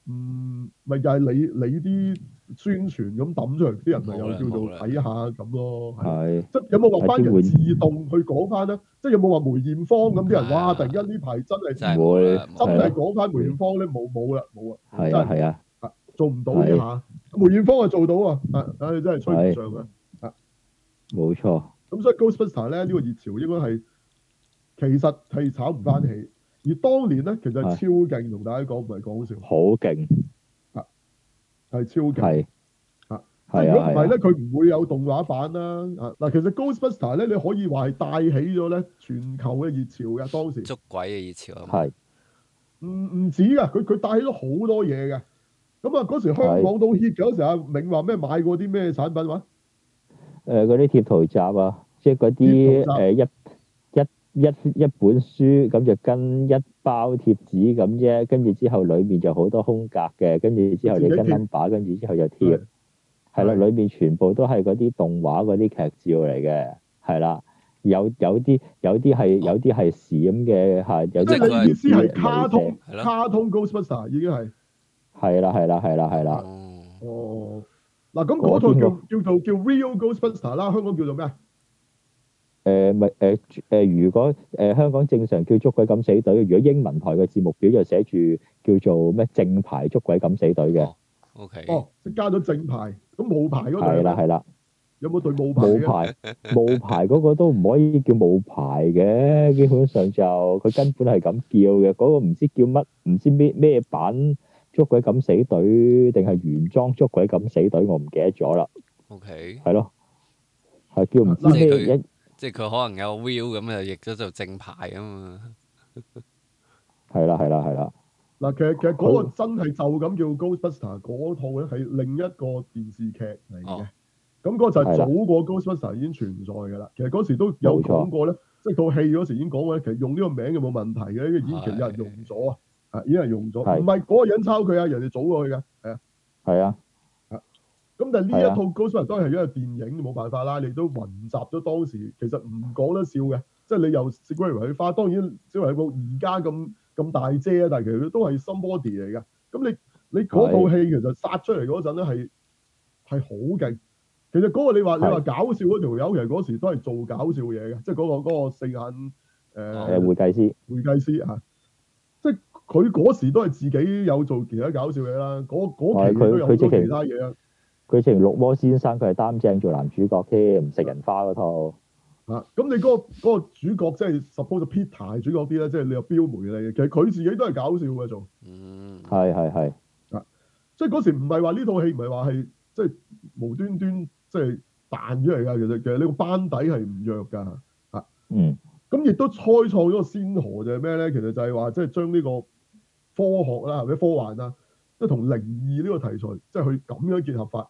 嗯，咪就係你你啲宣傳咁抌出嚟，啲人咪又叫做睇下咁咯。係，即有冇落班人自動去講翻咧？即係有冇話梅艷芳咁啲人？哇！突然間呢排真係真係講翻梅艷芳咧，冇冇啦，冇啊。係啊係啊，做唔到呢下。梅艷芳啊做到啊，啊啊！真係吹唔上啊。啊，冇錯。咁所以 Ghostbuster 咧呢個熱潮應該係其實係炒唔翻起。而當年咧，其實超勁，同的大家講唔係講好笑。好勁啊，係超勁啊！如果唔係咧，佢唔的會有動畫版啦啊！嗱的，其實《Ghostbuster》咧，你可以話係帶起咗咧全球嘅熱潮嘅當時，捉鬼嘅熱潮啊！唔唔的止㗎，佢佢帶起咗好多嘢嘅。咁啊，嗰時香港都 hit 嘅，嗰時阿銘話咩買過啲咩產品話？誒嗰啲貼圖集啊，即係嗰啲誒一。一一本書咁就跟一包貼紙咁啫，跟住之後裡面就好多空格嘅，跟住之後你跟 number，跟住之後就貼。係啦，裡面全部都係嗰啲動畫嗰啲劇照嚟嘅，係啦，有有啲有啲係有啲係閃嘅，係、啊、有啲。即係你意思係卡通，的卡通 Ghostbuster 已經係。係啦，係啦，係啦，係啦。的的哦。嗱、啊，咁嗰套叫我叫做叫 Real Ghostbuster 啦、啊，香港叫做咩？誒咪誒誒，如果誒香港正常叫《捉鬼敢死隊》，如果英文台嘅節目表就寫住叫做咩正牌《捉鬼敢死隊》嘅。哦，O K。哦，即係加咗正牌，咁冇牌嗰度。係啦，係啦。有冇對冇牌？冇牌，冇牌嗰個都唔可以叫冇牌嘅。基本上就佢根本係咁叫嘅。嗰個唔知叫乜，唔知咩咩版《捉鬼敢死隊》定係原裝《捉鬼敢死隊》，我唔記得咗啦。O K。係咯，係叫唔知咩一。即係佢可能有 will 咁啊，譯咗就正牌啊嘛。係 (laughs) 啦，係啦，係啦。嗱，其實其嗰個真係就咁叫 Ghostbuster 嗰套咧，係另一個電視劇嚟嘅。咁嗰、哦、就係早過 Ghostbuster 已經存在㗎啦。哦、其實嗰時都有講過咧，了即係套戲嗰時已經講過咧，其實用呢個名嘅冇問題嘅，因為已經有人用咗啊，啊已用咗，唔係嗰個人抄佢啊，人哋早過去嘅，係啊，啊。咁但係呢一套 Ghostbusters 當然係因為電影冇辦法啦。你都雲集咗當時其實唔講得笑嘅，即係你又飾鬼魂去花。當然，小維哥而家咁咁大遮啦，但係其實都係 somebody 嚟嘅。咁你你嗰套戲其實殺出嚟嗰陣呢係係好勁。其實嗰個你話你話搞笑嗰條友其實嗰時都係做搞笑嘢嘅，即係嗰個嗰、嗰個四眼誒、呃、會計師會計師啊，即係佢嗰時都係自己有做其他搞笑嘢啦。嗰嗰期佢都有做其他嘢。佢成綠魔先生，佢係擔正做男主角添，食人花嗰套。咁、啊、你嗰、嗰個嗰個主角即係 suppose Peter 主角啲咧，即係你又飚嚟嘅，其實佢自己都係搞笑嘅做，嗯，係係係。啊！即係嗰時唔係話呢套戲唔係話係即係無端端即係彈出嚟㗎。其實其實呢個班底係唔弱㗎。嗯。咁亦、啊、都開創咗個先河就係咩咧？其實就係話即係將呢個科學啦或者科幻啦，即係同靈異呢個題材即係去咁樣結合法。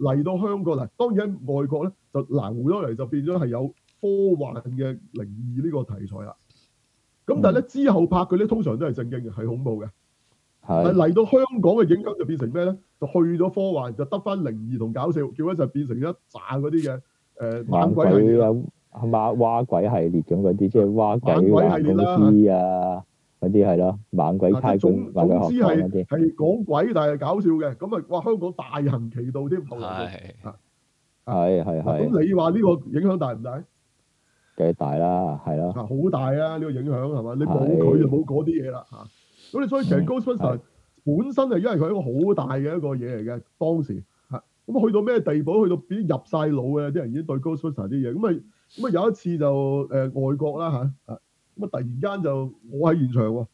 嚟到香港嗱，當然喺外國咧就難回咗嚟，就變咗係有科幻嘅靈異呢個題材啦。咁但係咧之後拍嗰啲通常都係正經嘅，係恐怖嘅。係。但嚟到香港嘅影響就變成咩咧？就去咗科幻，就得翻靈異同搞笑，叫一就變成一拃嗰啲嘅誒猛鬼啊，係咪、啊、蛙鬼系列咁嗰啲，即、就、係、是、蛙鬼、鬼系列啦。嗰啲係咯，猛鬼太工、啊，總之係係講鬼，但係搞笑嘅。咁啊，哇！香港大行其道啲係係係。咁你話呢個影響大唔大？梗係大啦，係啦。好、啊、大啊！呢、呢個影響係嘛？你冇佢就冇嗰啲嘢啦，咁你所以其實 Ghostbusters 本身係因為佢係一個好大嘅一個嘢嚟嘅，當時咁、啊、去到咩地步？去到變入晒腦嘅啲人已經對 Ghostbusters 啲嘢。咁啊咁啊，有一次就、呃、外國啦咁突然間就我喺現場喎，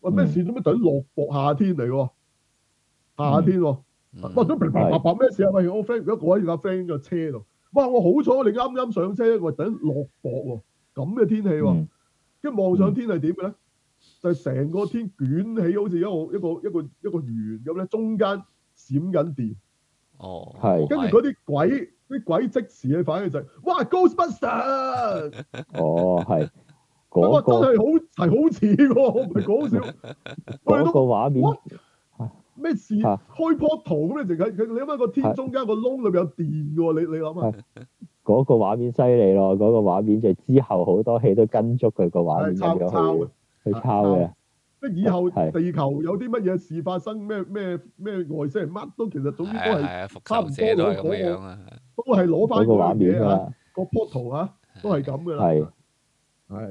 話咩事？做咩等落雹？夏天嚟喎，嗯、夏天喎，哇！咁平平白白咩事啊？喂，我 friend 而家坐喺架 friend 嘅車度，哇！我好彩你啱啱上車，話突然落雹喎，咁嘅天氣喎、啊，跟住望上天係點嘅咧？嗯、就係成個天捲起好似一個一個一個一個圓咁咧，中間閃緊電，哦，係。跟住嗰啲鬼，啲的鬼，鬼即時咧反應就係、是：哇，Ghostbusters！哦，係。我話真係好係好似喎，我唔係講笑。個畫面咩事開 pot 圖咁？你淨係你諗下個天中間個窿裏邊有電嘅喎，你你諗下。嗰個畫面犀利咯，嗰個畫面就之後好多戲都跟足佢個畫面嚟咗去抄嘅。即以後地球有啲乜嘢事發生，咩咩咩外星乜都其實總之都係差唔多嗰個樣啊，都係攞翻個畫面啊，個 pot 圖啊，都係咁㗎啦，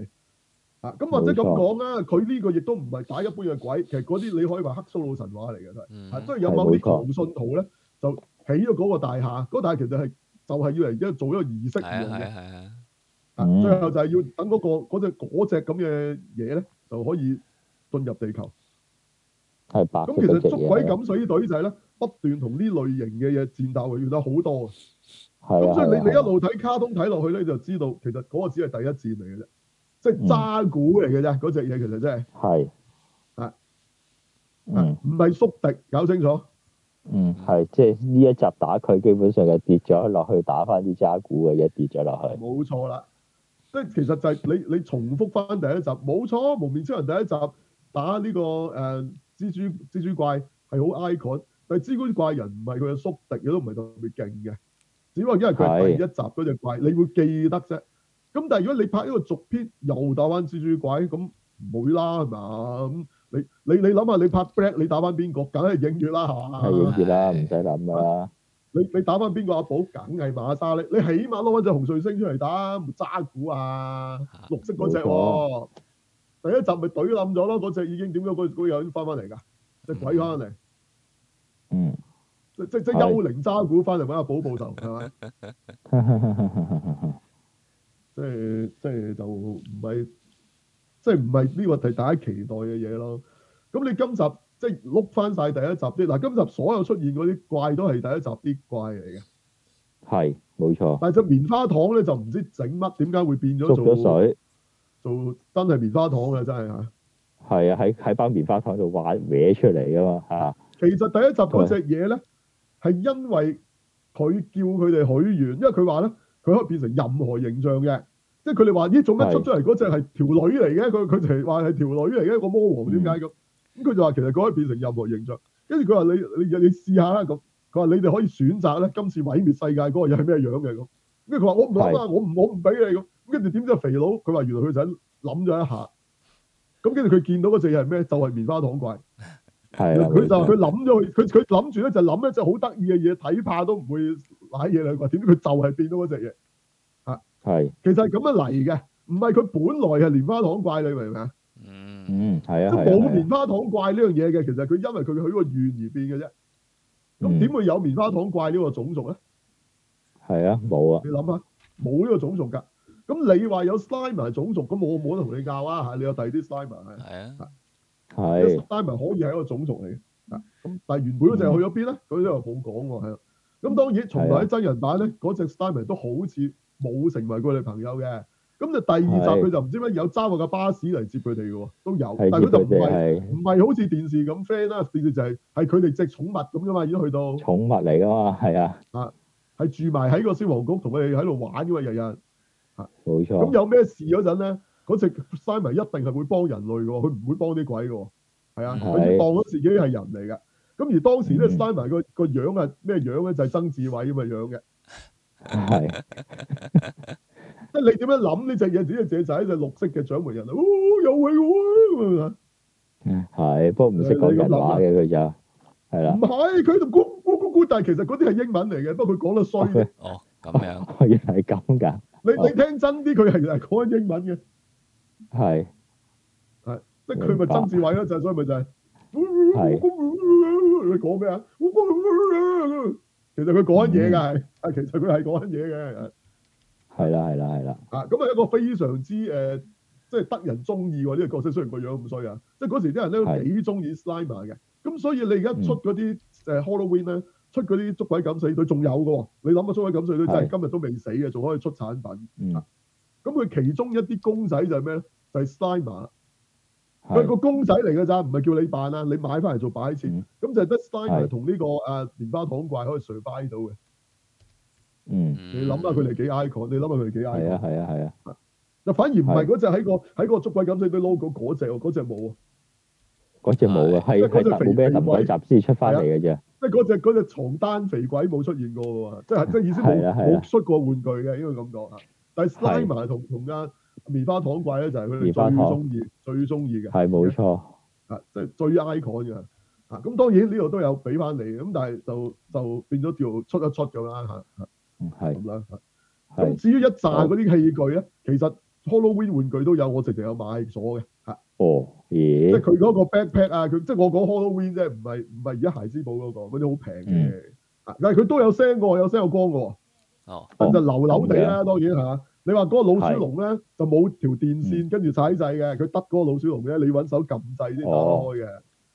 咁、啊、或者咁講啦，佢呢錯個亦都唔係打一般嘅鬼，其實嗰啲你可以話克蘇魯神話嚟嘅都係，係所、嗯嗯、有某啲狂信徒咧就起咗嗰個大廈，嗰、那個、大廈其實係就係要嚟而家做一個儀式咁樣嘅，啊、最後就係要等嗰、那個嗰隻隻咁嘅嘢咧就可以進入地球，係咁其實捉鬼敢死隊就係咧不斷同呢類型嘅嘢戰鬥，要得好多。係、啊。咁所以你你一路睇卡通睇落去咧，就知道其實嗰個只係第一戰嚟嘅啫。即係渣古嚟嘅啫，嗰隻嘢其實真係係啊，唔係、嗯、宿敵，搞清楚。嗯，係即係呢一集打佢，基本上就跌咗落去，打翻啲渣古嘅嘢跌咗落去。冇錯啦，即係其實就係你你重複翻第一集，冇錯，蒙面超人第一集打呢個誒蜘蛛蜘蛛怪係好 icon，但係蜘蛛怪人唔係佢嘅宿敵亦都唔係特別勁嘅，只不過因為佢係第一集嗰隻怪，是你會記得啫。咁但係如果你拍呢個續篇又打翻蜘蛛鬼，咁唔會啦，係嘛？咁你你你諗下你拍 Black 你打翻邊個？梗係影月啦，嚇，係影月啦，唔使諗啦。你你打翻邊個阿寶？梗係馬沙咧。你起碼攞翻隻紅彗星出嚟打渣古啊！綠色嗰隻錯第一集咪懟冧咗咯，嗰隻已經點解個樣又翻翻嚟㗎？隻、那個、鬼翻嚟，嗯，即即幽靈渣古翻嚟揾阿寶報仇係咪？的吧 (laughs) 即係即係就唔係，即係唔係呢個係大家期待嘅嘢咯。咁你今集即係碌返曬第一集啲嗱，今集所有出現嗰啲怪都係第一集啲怪嚟嘅。係，冇錯。但係隻棉花糖咧就唔知整乜，點解會變咗做？縮咗水，做真係棉花糖嘅真係嚇。係啊，喺喺包棉花糖度玩搲出嚟噶嘛嚇。啊、其實第一集嗰隻嘢咧，係是因為佢叫佢哋許願，因為佢話咧。佢可以變成任何形象嘅，即係佢哋話：咦，做乜出出嚟嗰隻係條女嚟嘅？佢佢哋話係條女嚟嘅，個魔王點解咁？咁佢、嗯、就話其實佢可以變成任何形象，跟住佢話你你你試下啦咁。佢話你哋可以選擇咧，今次毀滅世界嗰個又係咩樣嘅咁。咁佢話我唔得啊，我唔的我唔俾你咁。跟住點知肥佬佢話原來佢想諗咗一下，咁跟住佢見到嗰隻係咩？就係、是、棉花糖怪。係佢、啊、就佢諗咗佢佢佢諗住咧就諗一隻好得意嘅嘢睇怕都唔會瀨嘢兩個點知佢就係變到嗰隻嘢啊係、啊、其實係咁樣嚟嘅唔係佢本來係、嗯啊、棉花糖怪你明唔明啊嗯嗯係啊即係冇棉花糖怪呢樣嘢嘅其實佢因為佢佢個願而變嘅啫咁點會有棉花糖怪呢個種族咧係、嗯、啊冇啊你諗下冇呢個種族噶咁你話有 slime 係種族咁我冇得同你教啊。吓你有第二啲 slime 係係啊係，Slimer 可以係一個種族嚟嘅，啊咁，但係原本嗰隻去咗邊咧？佢都冇講喎，係啊，咁當然，從來喺真人版咧，嗰隻 Slimer 都好似冇成為過你朋友嘅。咁就第二集佢就唔知咩有揸個架巴士嚟接佢哋嘅喎，都有，係接佢哋，但係佢就唔係唔係好似電視咁 friend 啦。電視就係係佢哋隻寵物咁㗎嘛，已經去到寵物嚟㗎嘛，係啊，啊係住埋喺個消防局，同佢哋喺度玩㗎嘛，日日嚇，冇錯。咁有咩事嗰陣咧？嗰隻 Simon 一定係會幫人類嘅，佢唔會幫啲鬼嘅，係啊！佢已是當咗自己係人嚟嘅。咁而當時咧，Simon 個個樣係咩樣咧？就係、是、曾志偉咁嘅樣嘅。係是，即係你點樣諗呢隻嘢？自己仔就係綠色嘅掌門人啊！又係喎啊！係，不過唔識講人話嘅佢就係啦。唔係佢度咕咕咕，但係其實嗰啲係英文嚟嘅，不過佢講得衰哦，咁、哦、樣係咁㗎？ (laughs) 你、哦、你聽真啲，佢係係講英文嘅。係，係，即係佢咪曾志偉咯，就所以咪就係。你講咩啊？其實佢講緊嘢㗎，係，係其實佢係講緊嘢嘅。係啦，係啦，係啦。啊，咁啊一個非常之誒，即係得人中意喎。呢個角色雖然個樣咁衰啊，即係嗰時啲人咧幾中意 Slimer 嘅。咁所以你而家出嗰啲誒 Halloween 咧，出嗰啲捉鬼敢死隊仲有㗎喎。你諗下捉鬼敢死隊真係今日都未死嘅，仲可以出產品。咁佢其中一啲公仔就係咩咧？就係 Slimer，佢個公仔嚟嘅咋，唔係叫你扮啊！你買翻嚟做擺設，咁就得 Slimer 同呢個誒棉花糖怪可以 survive 到嘅。嗯，你諗下佢哋幾 icon，你諗下佢哋幾 icon。係啊係啊係啊！就反而唔係嗰隻喺個喺個捉鬼咁，你對 logo 嗰隻喎，嗰隻冇喎。嗰隻冇㗎，係嗰隻冇咩？特鬼雜誌出翻嚟嘅啫。即係嗰隻隻床單肥鬼冇出現過㗎即係即係意思冇出過玩具嘅，應該咁講嚇。但係 Slimer 同同棉花糖怪咧就係佢哋最中意、最中意嘅，係冇錯，啊即係最 icon 嘅，啊咁當然呢度都有俾翻你，咁但係就就變咗條出一出咁啦嚇嚇，係咁啦，咁至於一紮嗰啲器具咧，其實 Halloween 玩具都有，我直情有買咗嘅嚇，哦，即係佢嗰個 backpack 啊，佢即係我講 Halloween 啫，唔係唔係而家孩之寶嗰個，嗰啲好平嘅，啊，但係佢都有聲㗎，有聲有光㗎，哦，就流流地啦，當然嚇。你話嗰個老鼠籠咧，就冇條電線跟住踩掣嘅，佢得嗰個老鼠籠啫。你搵手撳掣先打得開嘅，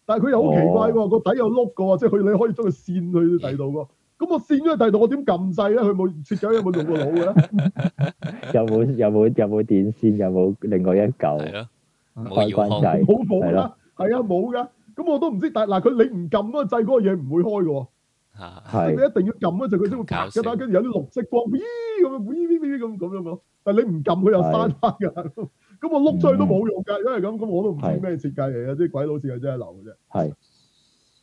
但係佢又好奇怪喎，個底又碌噶喎，即係佢你可以將個線去到第度喎。咁我線喺第度，我點撳掣咧？佢冇設計，有冇用過腦嘅？有冇有冇有冇電線？有冇另外一嚿？係咯，冇關係，好火㗎，係啊，冇㗎。咁我都唔知。但嗱，佢你唔撳嗰個掣，嗰個嘢唔會開喎。係，你一定要撳嗰陣，佢先會彈，跟住有啲綠色光，咁樣，咦咦咁咁樣講。但係你唔撳，佢又翻翻嘅。咁我碌出去都冇用噶，因為咁，咁我都唔知咩設計嚟嘅，即係鬼佬設計真係流嘅啫。係。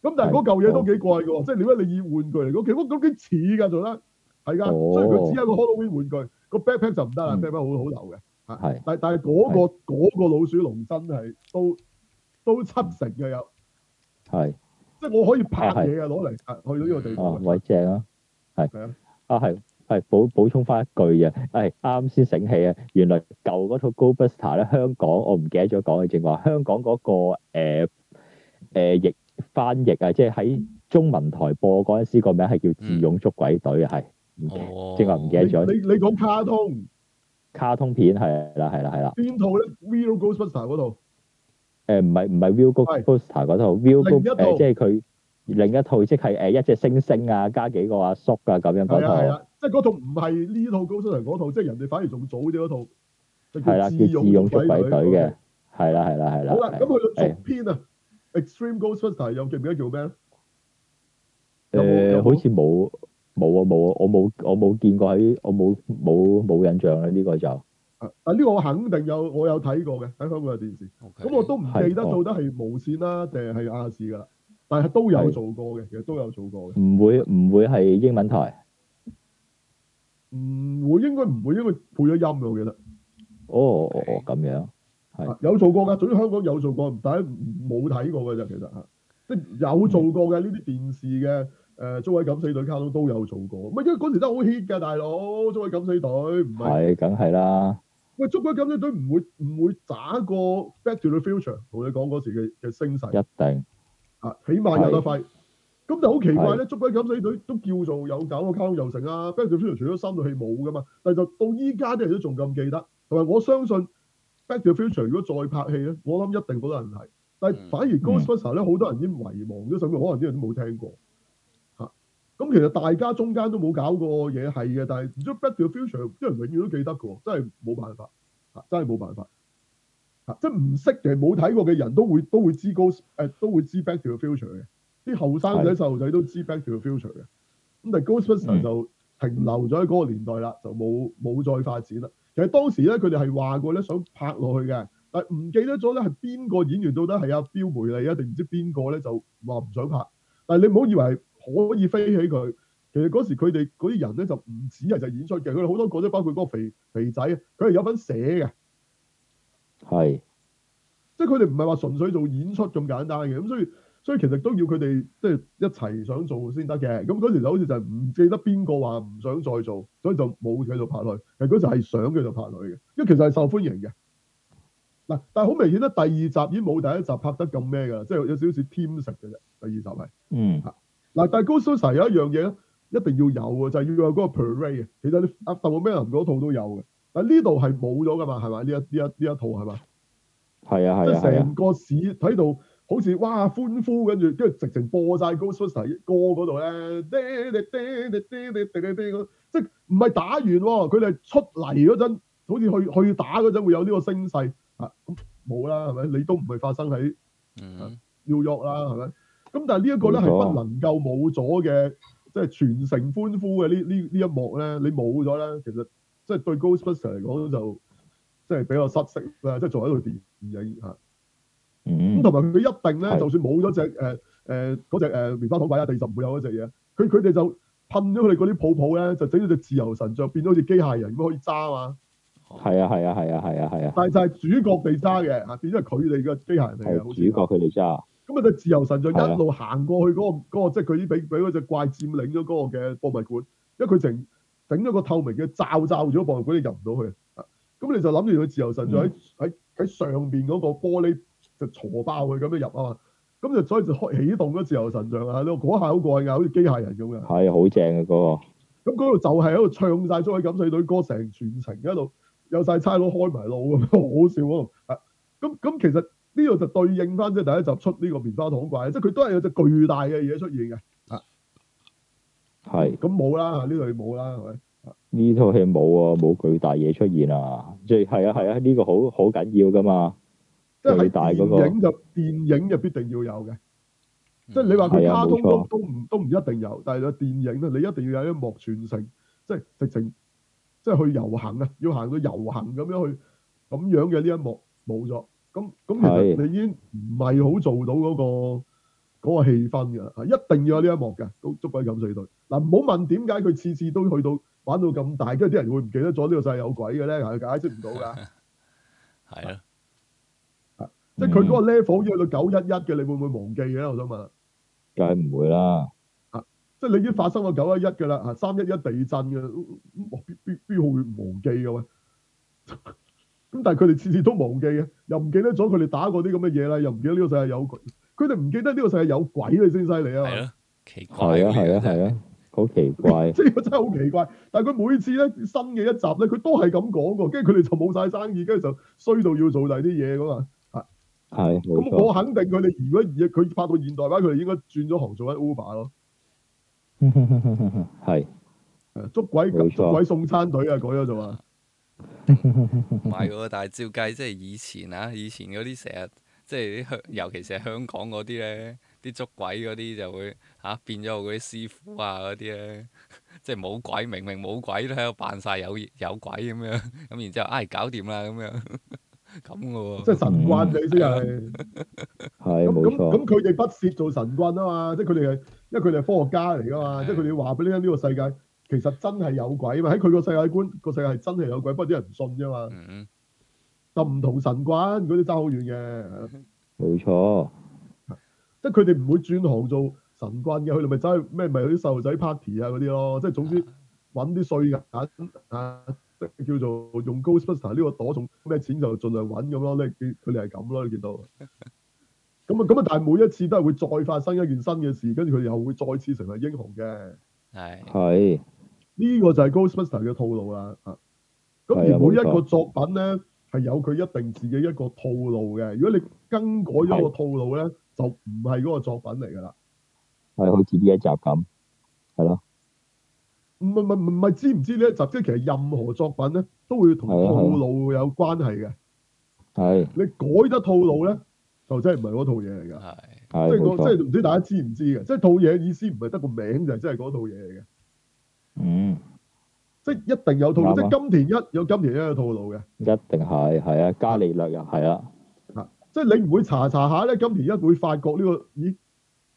咁但係嗰舊嘢都幾貴嘅，即係點解你以玩具嚟講，其實都幾似噶，做啦係噶，所以佢只係一個 Halloween 玩具，個 backpack 就唔得啦，backpack 好好流嘅。但但係嗰個個老鼠龍真係都都七成嘅有。係。即係我可以拍嘢啊，攞嚟來、啊、去到呢個地方，位、啊、正啊，係是啊，啊係係補補充翻一句啊，係啱先醒起啊。原來舊嗰套 Ghostbuster 咧，香港我唔記得咗講嘅，正話香港嗰、那個誒誒譯翻譯啊，即係喺中文台播嗰陣時、那個名係叫智勇捉鬼隊啊，係、嗯，正話唔記得咗。你你講卡通，卡通片係啦係啦。邊套咧 Voodoo Ghostbuster 嗰套？誒唔係唔係《Real Ghostbusters》嗰套，《Real Ghost》即係佢另一套，即係一隻星星啊，加幾個阿叔啊咁樣嗰套。即係嗰套唔係呢套《Ghostbusters》嗰套，即係人哋反而仲早啲嗰套，即係叫智勇捉鬼隊嘅。係啦係啦係啦。咁佢續編啊，《Extreme Ghostbusters》有續叫咩咧？好似冇冇啊冇啊，我冇我冇見過喺我冇冇冇印象啦，呢個就。啊！呢、這個我肯定有，我有睇過嘅，喺香港嘅電視。咁 Okay, 我都唔記得做得係無線啦，定係係亞視㗎啦。但係、哦、的都有做過嘅，其實都有做過嘅。唔的會唔會係英文台？唔會、嗯、應該唔會，因為配咗音啊，我記得。哦 Okay, 哦，咁、哦、樣係、啊、有做過㗎。總之香港有做過，但係冇睇過㗎啫。其實嚇，即、就、係、是、有做過嘅呢啲電視嘅誒《捉、呃、鬼敢死隊》卡通都有做過。唔係因為嗰時真係好 hit 㗎，大佬《捉鬼敢死隊》唔係。係梗係啦。喂，捉鬼敢死隊唔會唔會打過《Back to the Future》同你講嗰時嘅嘅聲勢？一定啊，起碼有得揮。咁是就好奇怪咧，是捉鬼敢死隊都叫做有搞個卡通又成啊，啊《Back to the Future》除咗三套戲冇噶嘛，但就到依家啲人都仲咁記得，同埋我相信《Back to the Future》如果再拍戲咧，我諗一定好多人睇。但係反而呢《Ghostbusters、嗯》咧，好多人已經遺忘咗，甚至可能啲人都冇聽過。咁其實大家中間都冇搞過嘢係嘅，但係唔知《Back to the Future》，啲人永遠都記得嘅喎，真係冇辦法，嚇，真係冇辦法，嚇，即係唔識嘅、冇睇過嘅人都會都會知《Go》誒都會知《Back to the Future》嘅，啲後生仔、細路仔都知《Back to the Future》嘅，咁但係《Ghostbusters》嗰陣就停留咗喺嗰個年代啦，嗯、就冇冇再發展啦。其實當時咧，佢哋係話過咧，想拍落去嘅，但係唔記得咗咧，係邊個演員到底係阿標梅利啊？定唔知邊個咧就話唔想拍？但係你唔好以為。可以飛起佢，其實嗰時佢哋嗰啲人咧就唔止係就演出嘅，佢哋好多個都包括嗰個肥肥仔，佢係有份寫嘅，係是，即係佢哋唔係話純粹做演出咁簡單嘅，咁所以所以其實都要佢哋即係一齊想做先得嘅，咁嗰時就好似就唔記得邊個話唔想再做，所以就冇繼續拍落去，其實嗰陣係想繼續拍落去嘅，因為其實係受歡迎嘅。嗱，但係好明顯咧，第二集已經冇第一集拍得咁咩㗎啦，即係有少少添食嘅啫。第二集係，嗯嚇。嗱，但係 Ghostbuster 有一樣嘢咧，一定要有嘅就係、是、要有嗰個 parade。其實啲阿竇阿 Ben 嗰套都有嘅，但呢度係冇咗噶嘛，係咪？呢一呢一呢一套係咪？係啊係啊，成、啊啊、個市睇到好似哇歡呼，跟住跟住直情播晒 Ghostbuster 歌嗰度咧叮叮叮，即係唔係打完喎？佢哋出嚟嗰陣，好似去去打嗰陣會有呢個聲勢啊，冇啦係咪？你都唔係發生喺 New York 啦係咪？啊嗯嗯咁但係呢一個咧係不能夠冇咗嘅，即係、啊、全城歡呼嘅呢呢呢一幕咧，你冇咗咧，其實即係對 Ghostbusters 嚟講就即係比較失色啦，即係仲喺度電影嚇。嗯。咁同埋佢一定咧的、呃呃呃，就算冇咗隻誒誒隻誒棉花糖擺喺第二唔冇有一隻嘢，佢佢哋就噴咗佢哋嗰啲泡泡咧，就整咗隻自由神像變咗好似機械人咁可以揸嘛。係啊係啊係啊係啊係啊。但係就係主角被揸嘅嚇，變咗佢哋嘅機械人。係主角佢哋揸。咁啊！就自由神像一路行過去嗰、嗰個是的、嗰個、即係佢啲俾俾嗰隻怪佔領咗嗰個嘅博物館，因為佢整整咗個透明嘅罩罩住博物館，你入唔到去了。咁你就諗住佢自由神像喺喺喺上面嗰個玻璃就坐爆佢，咁樣入啊嘛。咁就所以就起動咗自由神像啊！你話嗰下好過癮嘅，好似機械人咁嘅。係好正嘅嗰個咁咁。咁嗰度就係喺度唱晒出啲錦水隊歌，成全程一度有晒差佬開埋路咁，好笑啊！咁咁其實。呢度就對應翻即係第一集出呢個棉花糖怪，即係佢都係有隻巨大嘅嘢出現嘅。嚇是，係咁冇啦，呢度冇啦。呢套戲冇啊，冇巨大嘢出現啊。即係啊係啊，呢、啊呢個好好緊要噶嘛。即係巨大嗰、嗰個電影就電影就必定要有嘅。嗯、即係你話佢卡通都、啊、都唔都唔一定有，嗯、但係你電影咧，你一定要有一幕全城，即係直情即係去遊行啊，要行到遊行咁樣去咁樣嘅呢一幕冇咗。咁咁，其實你已經唔係好做到嗰個嗰個氣氛㗎，係一定要有呢一幕嘅，捉鬼敢死隊嗱，唔好問點解佢次次都去到玩到咁大，跟住啲人會唔記得咗呢個世有鬼嘅咧？係解釋唔到㗎，係啊，即係佢嗰個 level 去到九一一嘅，你會唔會忘記嘅？我想問，梗係唔會啦，啊，即係你已經發生過九一一㗎啦，啊三一一地震㗎，邊邊邊可以忘記嘅？咁但係佢哋次次都忘記嘅，又唔記得咗佢哋打過啲咁嘅嘢啦，又唔記得呢個世界有鬼，佢哋唔記得呢個世界有鬼你先犀利啊！係啊，奇怪啊，係啊，係啊，好奇怪！即係真係好奇怪，但係佢每次咧新嘅一集咧，佢都係咁講嘅，跟住佢哋就冇晒生意，跟住就衰到要做第啲嘢噶嘛，係。咁，嗯，我肯定佢哋如果佢拍到現代版，佢哋應該轉咗行做喺 Uber 咯。係 (laughs) 是。捉鬼冇錯捉鬼送餐隊啊，改咗做啊。唔係喎，但係照計即係以前啊，以前嗰啲成日即係啲香，尤其成日香港嗰啲咧，啲捉鬼嗰啲就會吓、啊，變咗做啲師傅啊嗰啲咧，即係冇鬼，明明冇鬼都喺度扮晒有有鬼咁樣，咁然之後唉、啊、搞掂啦咁樣，咁嘅喎，嗯、即係神棍你先又係，係冇錯。咁佢哋不屑做神棍啊嘛，即係佢哋係，因為佢哋係科學家嚟噶嘛，的即係佢哋話俾你聽呢個世界。其實真係有鬼嘛？喺佢個世界觀，個世界係真係有鬼，不過啲人唔信啫嘛。嗯、就唔同神棍嗰啲爭好遠嘅。冇錯。即係佢哋唔會轉行做神棍嘅，佢哋咪走去咩？咪啲細路仔 party 啊嗰啲咯。即係總之揾啲碎銀啊，叫做用 ghostbuster 呢個朵仲咩錢就儘量揾咁咯。你佢哋係咁咯，你見到。咁啊咁啊！但係每一次都係會再發生一件新嘅事，跟住佢哋又會再次成為英雄嘅。係是。係。呢個就係 Ghostbuster 嘅套路啦嚇。咁而每一個作品咧係有佢一定自己一個套路嘅。如果你更改咗個套路咧，係。就唔係嗰個作品嚟噶啦。係好似呢一集咁，係咯？唔係唔唔係知唔知呢一集？即係其實任何作品咧都會同套路有關係嘅。係。你改得套路咧，就真係唔係嗰套嘢嚟㗎。係。即係我即係唔知大家知唔知嘅？即係套嘢意思唔係得個名就係真係嗰套嘢嚟嘅。嗯，即係一定有套路，吧即係金田一有金田一嘅套路嘅，一定係係啊，加利略嘅係啊，啊，即係你唔會查查下咧，金田一會發覺呢、這個，咦，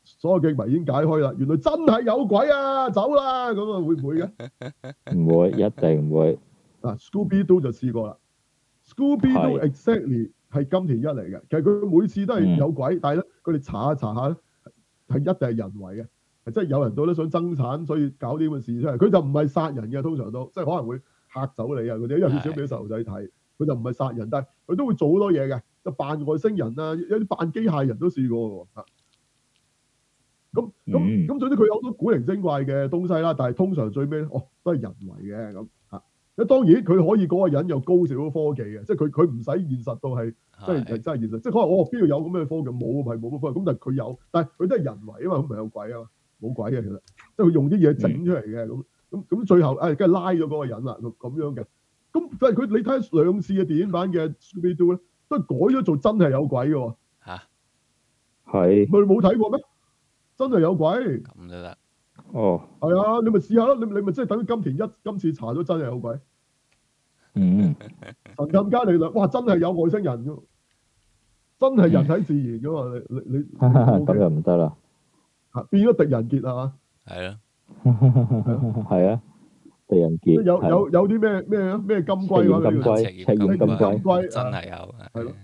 所有嘅謎已經解開啦，原來真係有鬼啊，走啦，咁啊會唔會嘅？唔 (laughs) 會，一定唔會。啊，Scooby Doo 就試過啦，Scooby Doo exactly 係是金田一嚟嘅，其實佢每次都係有鬼，嗯、但係咧，佢哋查一查下咧，係一定係人為嘅。係，即係有人到咧想增產，所以搞啲咁嘅事出嚟。佢就唔係殺人嘅，通常都即係可能會嚇走你啊嗰啲，因為少少俾啲細路仔睇。佢是的 就唔係殺人，但係佢都會做好多嘢嘅，就扮外星人啊，有啲扮機械人都試過喎嚇。咁咁咁，總之佢有好多古靈精怪嘅東西啦。但係通常最尾哦都係人為嘅咁嚇。因為當然佢可以嗰個人有高少嘅科技嘅，即係佢佢唔使現實到係是的 即係真係現實，即係可能我邊度有咁嘅科技冇係冇乜科技，咁、就是、但係佢有，但係佢都係人為啊嘛，唔係有鬼啊嘛。冇鬼嘅，其實即係佢用啲嘢整出嚟嘅，咁咁咁最後誒，梗係拉咗嗰個人啦，咁樣嘅。咁即係佢你睇上次嘅電影版嘅、啊《Scooby-Doo》咧，都改咗做真係有鬼嘅喎。嚇是，係。咪冇睇過咩？真係有鬼。咁就得。哦。係啊，你咪試下咯。你你咪即係等於金田一今次查咗真係有鬼。嗯。神探伽利略， (laughs) 哇！真係有外星人㗎，真係人體自然㗎嘛、嗯？你你你。 (laughs) 咁又唔得啦。啊！變咗狄仁傑啦，係啊，係啊，狄仁傑有有有啲咩咩啊？咩金龜啊？金龜，赤焰金龜，真係有，係咯，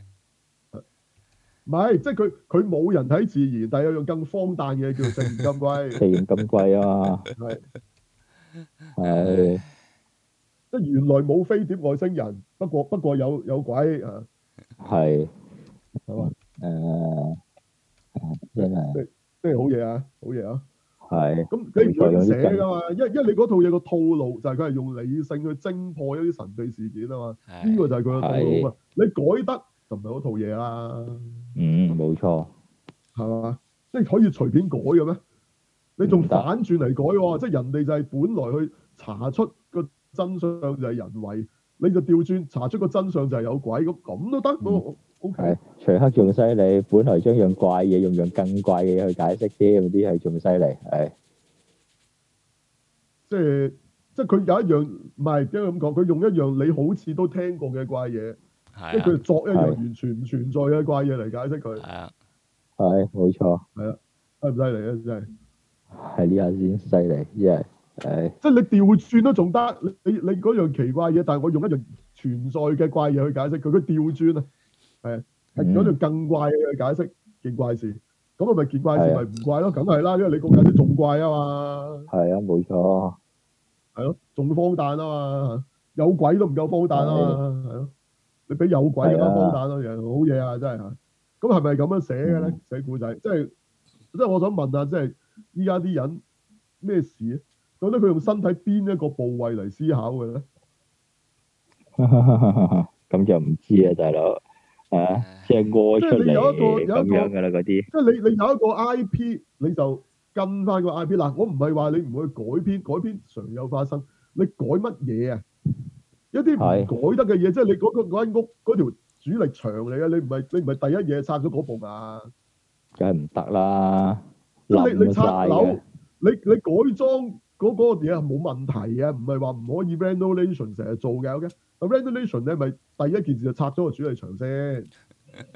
唔係，即係佢佢冇人體自燃，但係有樣更荒誕嘅嘢叫做赤焰金龜，赤焰金龜啊嘛，係，係，即係原來冇飛碟外星人，不過不過有有鬼啊，係，好啊，誒，真係。即係好嘢啊？好嘢啊！係是。咁佢唔想寫噶嘛？是因因為你嗰套嘢個套路就係佢係用理性去偵破一啲神秘事件啊嘛。呢是個就係佢嘅套路啊嘛！是你改得就唔係嗰套嘢啦。嗯，冇錯。係嘛？即係可以隨便改嘅咩？你仲反轉嚟改喎、哦？行即係人哋就係本來去查出個真相就係人為，你就調轉查出個真相就係有鬼咁，咁都得？OK，徐克仲犀利，本來將樣怪嘢用樣更怪嘅嘢去解釋，啲嗰啲係仲犀利。係即係即係，佢有一樣唔係即係咁講？佢用一樣你好似都聽過嘅怪嘢，啊、即係佢作一樣完全唔存在嘅怪嘢嚟解釋佢。係啊，係冇錯，係啊，係唔犀利啊！真係係呢下先犀利，因為誒，yeah, 即係你調轉都仲得，你你嗰樣奇怪嘢，但係我用一樣存在嘅怪嘢去解釋佢，佢調轉啊！係，係嗰度更怪嘅解釋，見怪事咁啊，咪見怪事咪唔怪咯，梗係啦，因為你個解釋仲怪啊嘛。係啊，冇錯，係咯，仲荒誕啊嘛，有鬼都唔夠荒誕啊嘛，係咯，你俾有鬼更加荒誕咯，嘢好嘢啊，真係啊。咁係咪咁樣寫嘅咧？寫古仔，即係，即係我想問下，即係依家啲人咩事？覺得佢用身體邊一個部位嚟思考嘅咧？咁就唔知啊，大佬。係啊，即係外出嚟咁樣噶啦，嗰啲。即係你你有一個 I P，你就跟翻個 I P。嗱，我唔係話你唔會改編，改編常有發生。你改乜嘢啊？一啲唔改得嘅嘢，即係你嗰個嗰間屋嗰條主力牆嚟啊！你唔係你唔係第一嘢拆咗嗰部嘛？梗係唔得啦！咁你你拆樓，你你改裝嗰嗰個嘢係冇問題嘅。唔係話唔可以 renovation 成日做嘅，ok。A renovation 咧，咪第一件事就拆咗個主力牆先。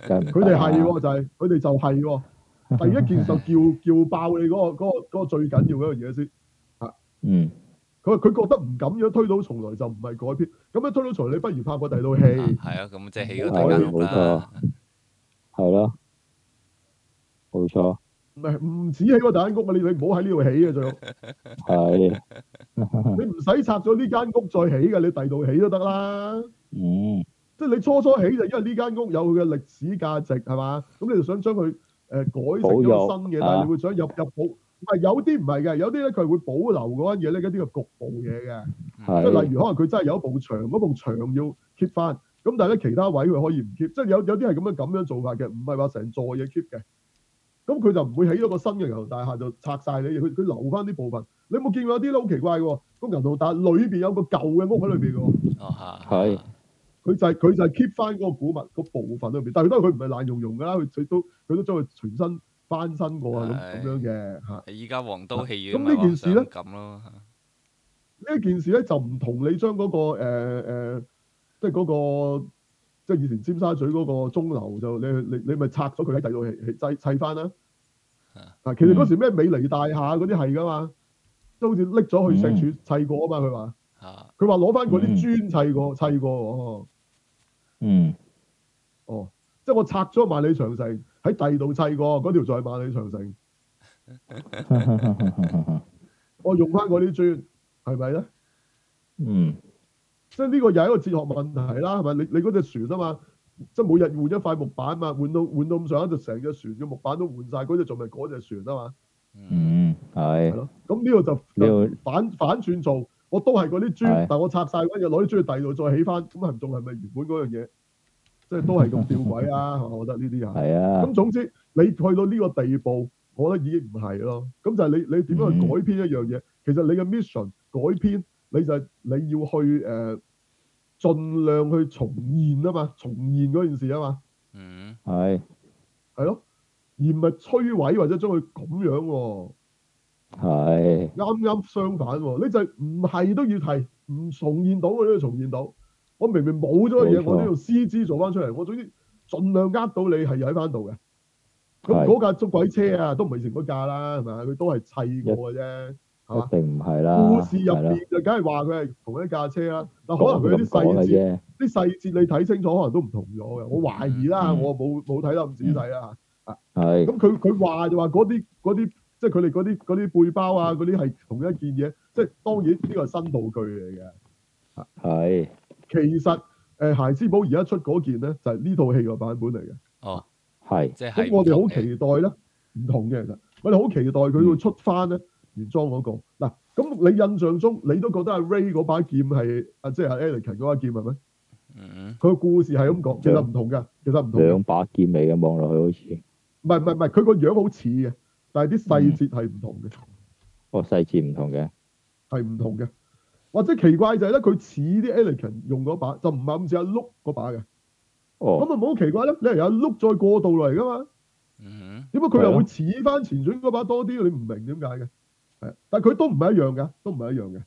佢哋係喎，就係，佢哋就係、是、喎。第一件事就叫 (laughs) 叫爆你嗰個嗰個嗰個最緊要嗰樣嘢先。吓、啊，嗯。佢話佢覺得唔咁樣推倒重來就唔係改編，咁樣推倒重來，你不如拍過第二套戲，係啊，咁即係戲都第二冇錯，係咯，冇錯。唔係唔止起個大間屋啊！你你唔好喺呢度起啊，最好 (laughs) 你唔使拆咗呢間屋再起嘅，你第度起都得啦。嗯，即係你初初起就因為呢間屋有佢嘅歷史價值係嘛？咁你就想將佢誒改成咗新嘅，育但係你會想入、啊、入保。唔係，有啲唔係嘅，有啲咧佢會保留嗰間嘢咧，一啲個局部嘢嘅。即係、嗯、例如可能佢真係有一部牆，嗰部牆要 keep 翻。咁但係咧，其他位佢可以唔 keep 即。即係有有啲係咁樣咁樣做法嘅，唔係話成座嘢 keep 嘅。咁佢就唔會起咗個新嘅銀行大廈就拆晒你，佢佢留翻啲部分。你有冇見過有啲咧好奇怪喎？咁、那個、銀行大廈裏面有個舊嘅屋喺裏面㗎。哦係、嗯，佢、啊啊、就係、是、佢就 keep 翻嗰個古物嗰部分裏面，但係都佢唔係爛溶溶㗎啦，佢都佢都將佢全新翻新過啊，咁、哎、樣嘅嚇。依家皇都戲院咁呢件事咧咁咯呢一件事咧就唔同你將嗰個誒即係嗰個。呃呃那個即係以前尖沙咀嗰個鐘樓就你你你咪拆咗佢，喺第二度砌砌翻啦嗱，嗯、其實嗰時咩美利大廈嗰啲係噶嘛，即好似搦咗去石柱砌過啊嘛，佢話佢話攞翻嗰啲磚砌過砌過哦，嗯，哦，即係我拆咗萬里長城喺第二度砌過，嗰條就係萬里長城，長城 (laughs) 我用翻嗰啲磚係咪咧？是是呢嗯。即係呢個又係一個哲學問題啦，係咪？你你嗰隻船啊嘛，即係每日換一塊木板啊嘛，換到換到咁上下就成隻船嘅木板都換晒。嗰隻仲係嗰隻船啊嘛。嗯，係。係咯，咁呢個就，就反會反轉做，我都係嗰啲磚，的但我拆晒嗰啲嘢，攞啲磚去第二度再起翻，咁係唔仲係咪原本嗰樣嘢？即係都係咁吊鬼啊！ (laughs) 我覺得呢啲係。係啊、 (laughs) 嗯。咁總之你去到呢個地步，我覺得已經唔係咯。咁就係你你點樣去改編一樣嘢？嗯、其實你嘅 mission 改編。你就係你要去誒、呃，盡量去重現啊嘛，重現嗰件事啊嘛。嗯，係的，係咯，而唔係摧毀或者將佢咁樣喎、哦。係的。啱啱相反喎、哦，你就係唔係都要提，唔重現到嘅都要重現到。我明明冇咗嘅嘢，錯我都要 CG 做翻出嚟，我總之盡量呃到你係喺翻度嘅。咁嗰架捉鬼車啊，都唔係成個架啦，係咪啊？佢都係砌過嘅啫。一定唔係啦。故事入面就梗係話佢係同一架車啦。嗱，可能佢啲細節，啲細節你睇清楚，可能都唔同咗嘅。我懷疑啦，我冇冇睇得咁仔細啊。啊，係。咁佢佢話就話嗰啲嗰啲，即係佢哋啲啲揹包啊，嗰啲係同一件嘢。即係當然呢個係新道具嚟嘅。係。其實誒，孩之寶而家出嗰件咧，就係呢套戲嘅版本嚟嘅。哦，係。即係。咁我哋好期待咧，唔同嘅其實，我哋好期待佢會出翻咧。原裝嗰、嗰個嗱，咁你印象中你都覺得阿 Ray 嗰把劍係阿即係阿 Anakin 嗰把劍係咩？佢個、嗯、故事係咁講，其實唔同嘅，其實唔同嘅兩把劍嚟嘅，望落去好似唔係唔係唔係，佢個樣好似嘅，但係啲細節係唔同嘅、嗯。哦，細節唔同嘅係唔同嘅，或者奇怪就係咧，佢似啲 Anakin 用嗰把，就唔係咁似阿 Luke 嗰把嘅。哦，咁啊唔好奇怪咧？你係阿 Luke 再過渡嚟噶嘛？嗯，點解佢又會似翻前傳嗰把多啲？你唔明點解嘅？係，但佢都唔係一樣嘅，都唔係一樣嘅，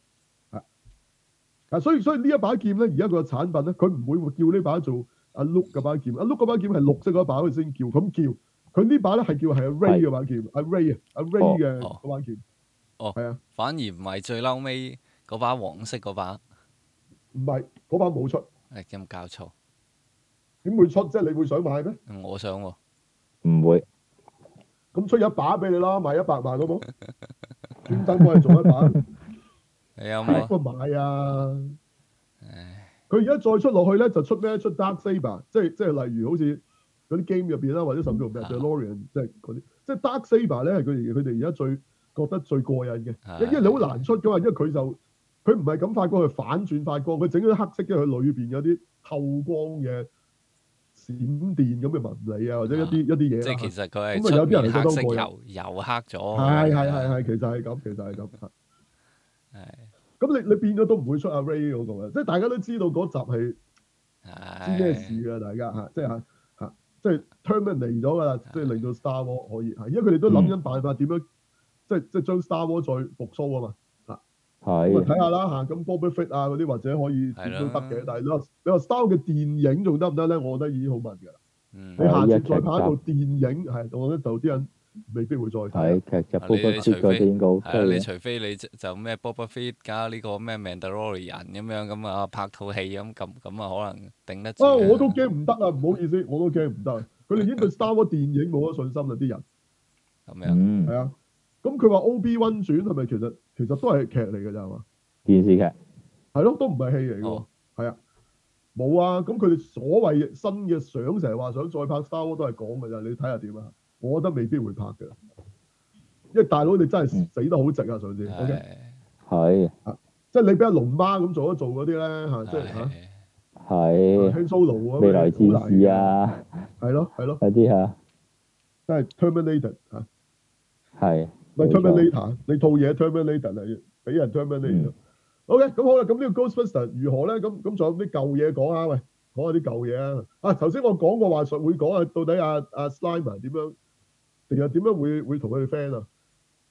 啊，所以所以呢一把劍咧，而家佢嘅產品咧，佢唔會叫呢把做阿 Luke 嘅把劍，阿 Luke 嘅把劍係綠色嗰把，先叫咁叫，佢呢把咧係叫係阿 Ray 嘅把劍，阿的 Ray 啊，阿 Ray 嘅把劍，哦，係、哦、啊，的反而唔係最嬲尾嗰把黃色嗰把，唔係，嗰把冇出，誒，點搞錯？點會出？即係你會想買咩？我想喎、哦，唔會，咁出一把俾你啦，買一百萬好冇？ (laughs) 專登過嚟做乜嘢？ (laughs) 你有冇？買啊！佢而家再出落去咧，就出咩？出 Dark Saber 即係即係例如好似嗰啲 game 入邊啦，或者甚至乎就 Lauren 即係嗰啲。即係 Dark Saber 咧，係佢而佢哋而家最覺得最過癮嘅，因為你好難出噶嘛，因為佢就佢唔係咁發光，去反轉發光，佢整咗黑色即係佢裏邊有啲透光嘅。閃電咁嘅物理啊，或者一啲一啲嘢。即係其實佢係將黑色油油黑咗。係係係係，其實係咁，其實係咁。咁你你變咗都唔會出阿 Ray 嗰個啦，即係大家都知道嗰集係知咩事啊？大家吓，即係吓吓，即係 Turner 嚟咗㗎啦，即係嚟到 Star Wars 可以吓，而家佢哋都諗緊辦法點樣，即係即係將 Star Wars 再復甦啊嘛。係，睇下啦嚇，咁 Boba Fett 啊嗰啲或者可以點都得嘅，但係你話 Star Wars 嘅電影仲得唔得咧？我覺得已經好悶㗎啦。你下次再拍一個電影，係我覺得就啲人未必會再睇劇集。你除非你除非你就咩 Boba Fett 加呢個咩 Mandalorian 咁樣咁啊拍套戲咁咁咁啊可能頂得。啊我都驚唔得啊，唔好意思，我都驚唔得。佢哋已經對 Star Wars 嘅電影冇咗信心啦啲人。咁樣，係啊。咁佢話 Obi-Wan 轉係咪其實其實都係劇嚟嘅咋係嘛？電視劇係咯，都唔係戲嚟嘅喎。係啊，冇啊。咁佢哋所謂新嘅相，成日話想再拍 Star Wars 都係講㗎咋。你睇下點啊？我覺得未必會拍嘅，因為大佬你真係死得好值啊！上次，O.K. 係即係你俾阿龍媽咁做一做嗰啲咧嚇，即係嚇係。Solo 啊，未來戰士啊，係咯係咯快啲嚇，即係 Terminator 嚇係。咪 turn 俾 later，你套嘢 Terminator 啦，俾人 Terminator 咯。O.K. 咁好啦，咁呢個 Ghostbuster 如何咧？咁咁仲有啲舊嘢講下啊？喂，講下啲舊嘢啊！啊，頭先我講過話術會講啊，到底阿阿 Slimer 點樣，定係點樣會會同佢哋 friend 啊？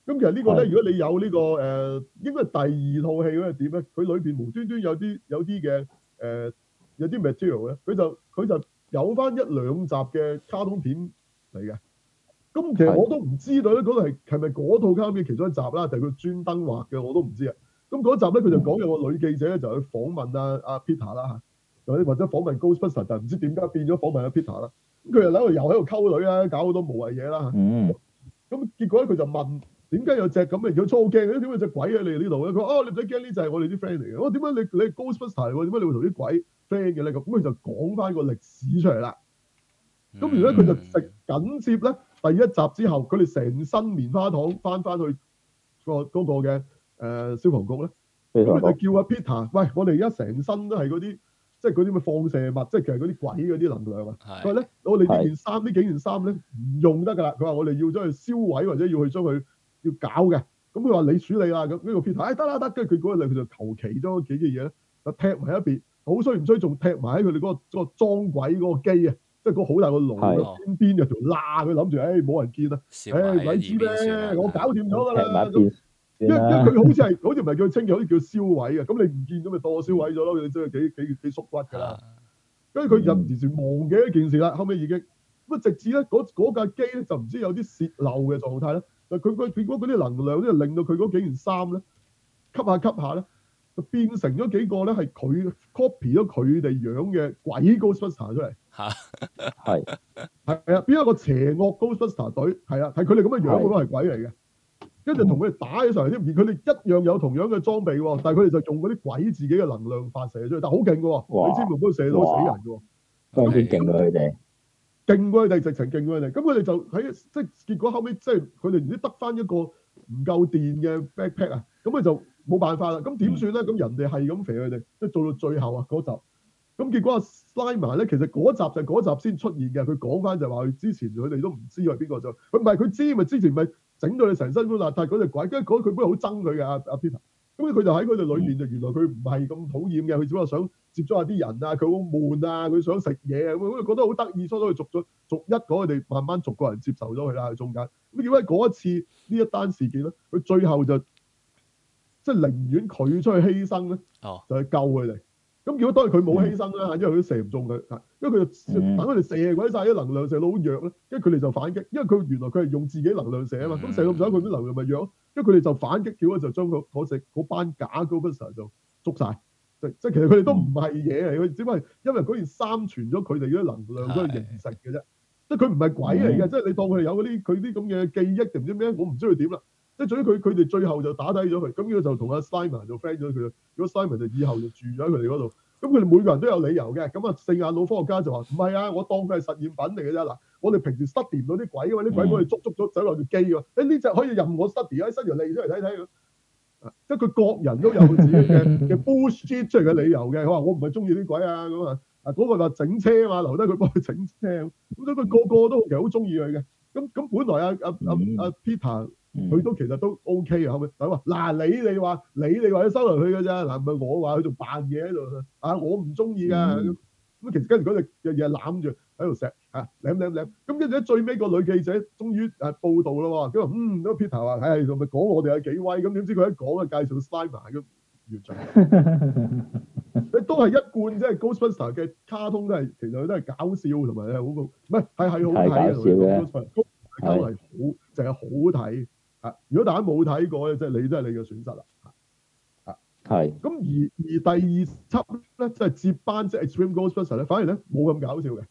咁其實呢個咧，如果你有呢個誒，應該係第二套戲咁係點咧？佢裏邊無端端有啲有啲嘅誒，有啲 material 咧，佢就佢就有翻一兩集嘅卡通片嚟嘅。咁其實我都唔知道咧，嗰個係咪嗰套卡通片其中一集啦？定係佢專登畫嘅我都唔知啊。咁嗰集咧，佢就講有個女記者咧，就去訪問啊啊 Peter 啦，或者或者訪問 Ghostbuster，但唔知點解變咗訪問阿 Peter 啦。咁佢又喺度又喺度溝女啊，搞好多無謂嘢啦。咁結果咧，佢就問：點解有隻咁嘅嘢？我好驚嘅，點解隻鬼喺你這裡呢度咧？佢話：哦，你唔使驚，呢就係、係、我哋啲 friend 嚟嘅。我點解你你係 Ghostbuster 點解你會同啲鬼 friend 嘅咧？咁佢就講翻個歷史出嚟啦。咁而咧，佢就食緊接咧。第一集之後，佢哋成身棉花糖翻翻去、嗰個嗰、嗰個嘅誒、呃、消防局咧，咁佢叫阿 Peter，喂，我哋而家成身都係嗰啲，即係嗰啲乜放射物，即係其實嗰啲鬼嗰啲能量啊。佢話咧，我哋呢件衫、呢是的 幾件衫咧唔用得㗎啦。佢話我哋要將佢燒毀，或者要去將佢要搞嘅。咁佢話你處理啦。咁、嗰、呢個 Peter，哎得啦得。跟住佢嗰陣，佢就求其咗幾件嘢咧，就踢埋一邊。好衰唔衰？仲踢埋喺佢哋嗰個、嗰個裝鬼嗰個機啊！即係個好大個籠，個、哦、邊邊有條罅，佢諗住，誒、哎、冇人見啊，誒鬼、哎、知咩？我搞掂咗㗎啦，因為因佢好似係，好似唔係叫清潔，好似叫銷毀啊。咁、嗯、你唔見咁咪當我銷毀咗咯？你真係幾幾幾縮骨㗎啦。跟住佢忍唔住，時忘記一件事啦，後尾已經咁直至咧嗰架機咧就唔知有啲洩漏嘅狀態啦。但係佢嗰變啲能量咧，令到佢嗰幾件衫咧吸下吸下咧，就變成咗幾個咧係佢 copy 咗佢哋樣嘅鬼 Ghostbuster 出嚟。吓係係啊，邊一個邪惡 Ghostbuster 隊係啊，係佢哋咁嘅樣樣都都係鬼嚟嘅，跟住同佢哋打起上嚟添。而佢哋一樣有同樣嘅裝備，但係佢哋就用嗰啲鬼自己嘅能量發射出去，但係好勁嘅，你知唔知射到死人嘅？哇！咁勁啊，佢哋勁過佢哋勁過佢哋直情勁過佢哋。咁佢哋就喺即係結果後尾，即係佢哋唔知得翻一個唔夠電嘅 backpack 啊，咁佢就冇辦法啦。咁點算咧？咁人哋係咁肥佢哋，即係做到最後啊，嗰集。咁結果 Slimer 咧，其實嗰集就嗰集先出現嘅。佢講翻就話佢之前佢哋都唔知係邊個，就佢唔係佢知咪之前咪整到你成身都邋遢嗰隻鬼，跟住嗰佢本好憎佢嘅阿阿 Peter。咁佢就喺嗰度裏面就原來佢唔係咁討厭嘅，佢只不過想接觸下啲人啊，佢好悶啊，佢想食嘢啊，咁佢覺得好得意，所以佢逐咗逐一嗰佢哋慢慢逐個人接受咗佢啦喺中間。咁點解嗰一次呢一單事件咧，佢最後就即係、就是、寧願佢出去犧牲咧，就去、是、救佢哋。啊。咁如果當然佢冇犧牲啦，因為佢都射唔中佢，因為佢就等佢哋射鬼晒啲能量，射能量射，射到好弱咧，跟住佢哋就反擊，因為佢原來佢係用自己能量射啊嘛，咁射咁左佢啲能量咪弱，因為佢哋就反擊，結果就將佢嗰石、嗰班假高分士就捉晒。即即其實佢哋都唔係嘢嚟，只不過因為嗰件三存咗佢哋啲能量嗰個形成嘅啫，即佢唔係鬼嚟嘅，即你當佢哋有嗰啲佢啲咁嘅記憶定唔知咩，我唔知佢點啦。即係最屘，佢佢哋最後打了他就打低咗佢，咁呢佢就同阿 Simon 就 friend 咗佢啦。如果 Simon 就以後就住喺佢哋嗰度，咁佢哋每個人都有理由嘅。咁啊，四眼老科學家就話：唔係啊，我當佢係實驗品嚟嘅啫。嗱，我哋平時 study 唔到啲鬼，因為啲鬼我哋捉捉咗走落條機喎。誒、欸、呢隻可以任我 study 啊！伸條脷出嚟睇睇。即係佢各人都有佢自己嘅嘅 bullshit 出嚟嘅理由嘅。佢話：我唔係中意啲鬼啊咁啊。啊嗰個話整車啊嘛，留低佢幫佢整車。咁所以佢個個都好中意佢嘅。咁咁本來阿阿阿 Peter。佢都其實都 O K 啊，係咪係話，嗱你你話你你話要收留佢㗎咋，嗱唔係我話佢仲扮嘢喺度啊，我唔中意㗎。咁咁其實跟住佢哋日日攬住喺度錫嚇舐舐舐，咁跟住喺最尾個女記者終於誒報道啦喎，咁啊嗯，呢個 Peter 啊，睇下佢咪講我哋有幾威咁。點知佢一講啊介紹 slime 咁完場，你都係一貫即係 Ghostbuster 嘅卡通都係其實都係搞笑同埋係好唔係係係好睇啊，搞笑咧，Ghostbuster 卡通係好成日好睇。如果大家冇睇過咧，即係你都係你嘅損失啦。啊的，係。咁而而第二輯咧，即係接班即係 Extreme Ghostbusters 咧，反而咧冇咁搞笑嘅，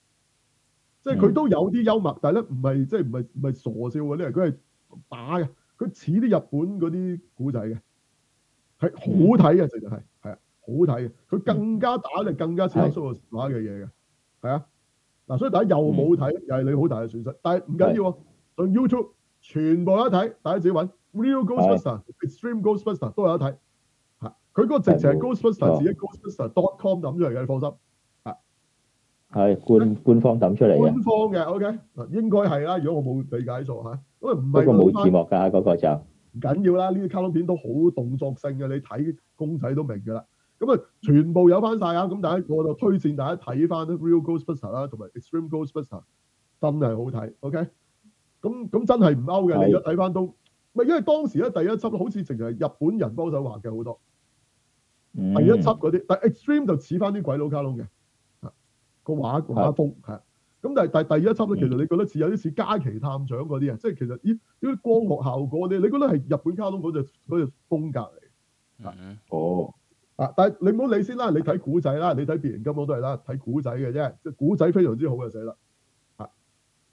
即係佢都有啲幽默，但係咧唔係即係唔係唔係傻笑嘅，因為佢係打嘅，佢似啲日本嗰啲古仔嘅，係好睇嘅，其實係係啊，好睇嘅。佢更加打就更加笑縮縮畫嘅嘢嘅，係啊。嗱，所以大家又冇睇，是的又係你好大嘅損失。但係唔緊要啊，的上 YouTube。全部有得睇，大家自己揾。Real Ghostbuster 是的 Ghost、Extreme Ghostbuster 都有得睇。嚇的，佢嗰個直情係 Ghostbuster 自己 Ghostbuster.com 抌出嚟嘅，你放心。啊的，係官的官方抌出嚟官方嘅，OK，應該係啦，如果我冇理解錯嚇。因為唔係冇字幕㗎，嗰、啊那個就唔緊要啦。呢啲卡通片都好動作性嘅，你睇公仔都明㗎啦。咁啊，全部有翻晒啊！咁但係我就推薦大家睇翻 Real Ghostbuster 啦，同埋 Extreme Ghostbuster，真係好睇，OK。咁咁真係唔勾嘅，你若睇翻都咪，因為當時咧第一輯好似淨係日本人幫手畫嘅好多，第一輯嗰啲，但係 extreme 就似翻啲鬼佬卡通嘅，啊個畫畫風咁。但係第一輯咧，其實你覺得似有啲似加琪探長嗰啲啊，嗯、即係其實咦啲光學效果你你覺得係日本卡通嗰隻隻風格嚟，哦、嗯、啊，但係你唔好理先啦，你睇古仔啦，你睇《變形金剛》都係啦，睇古仔嘅啫，即係古仔非常之好嘅寫啦。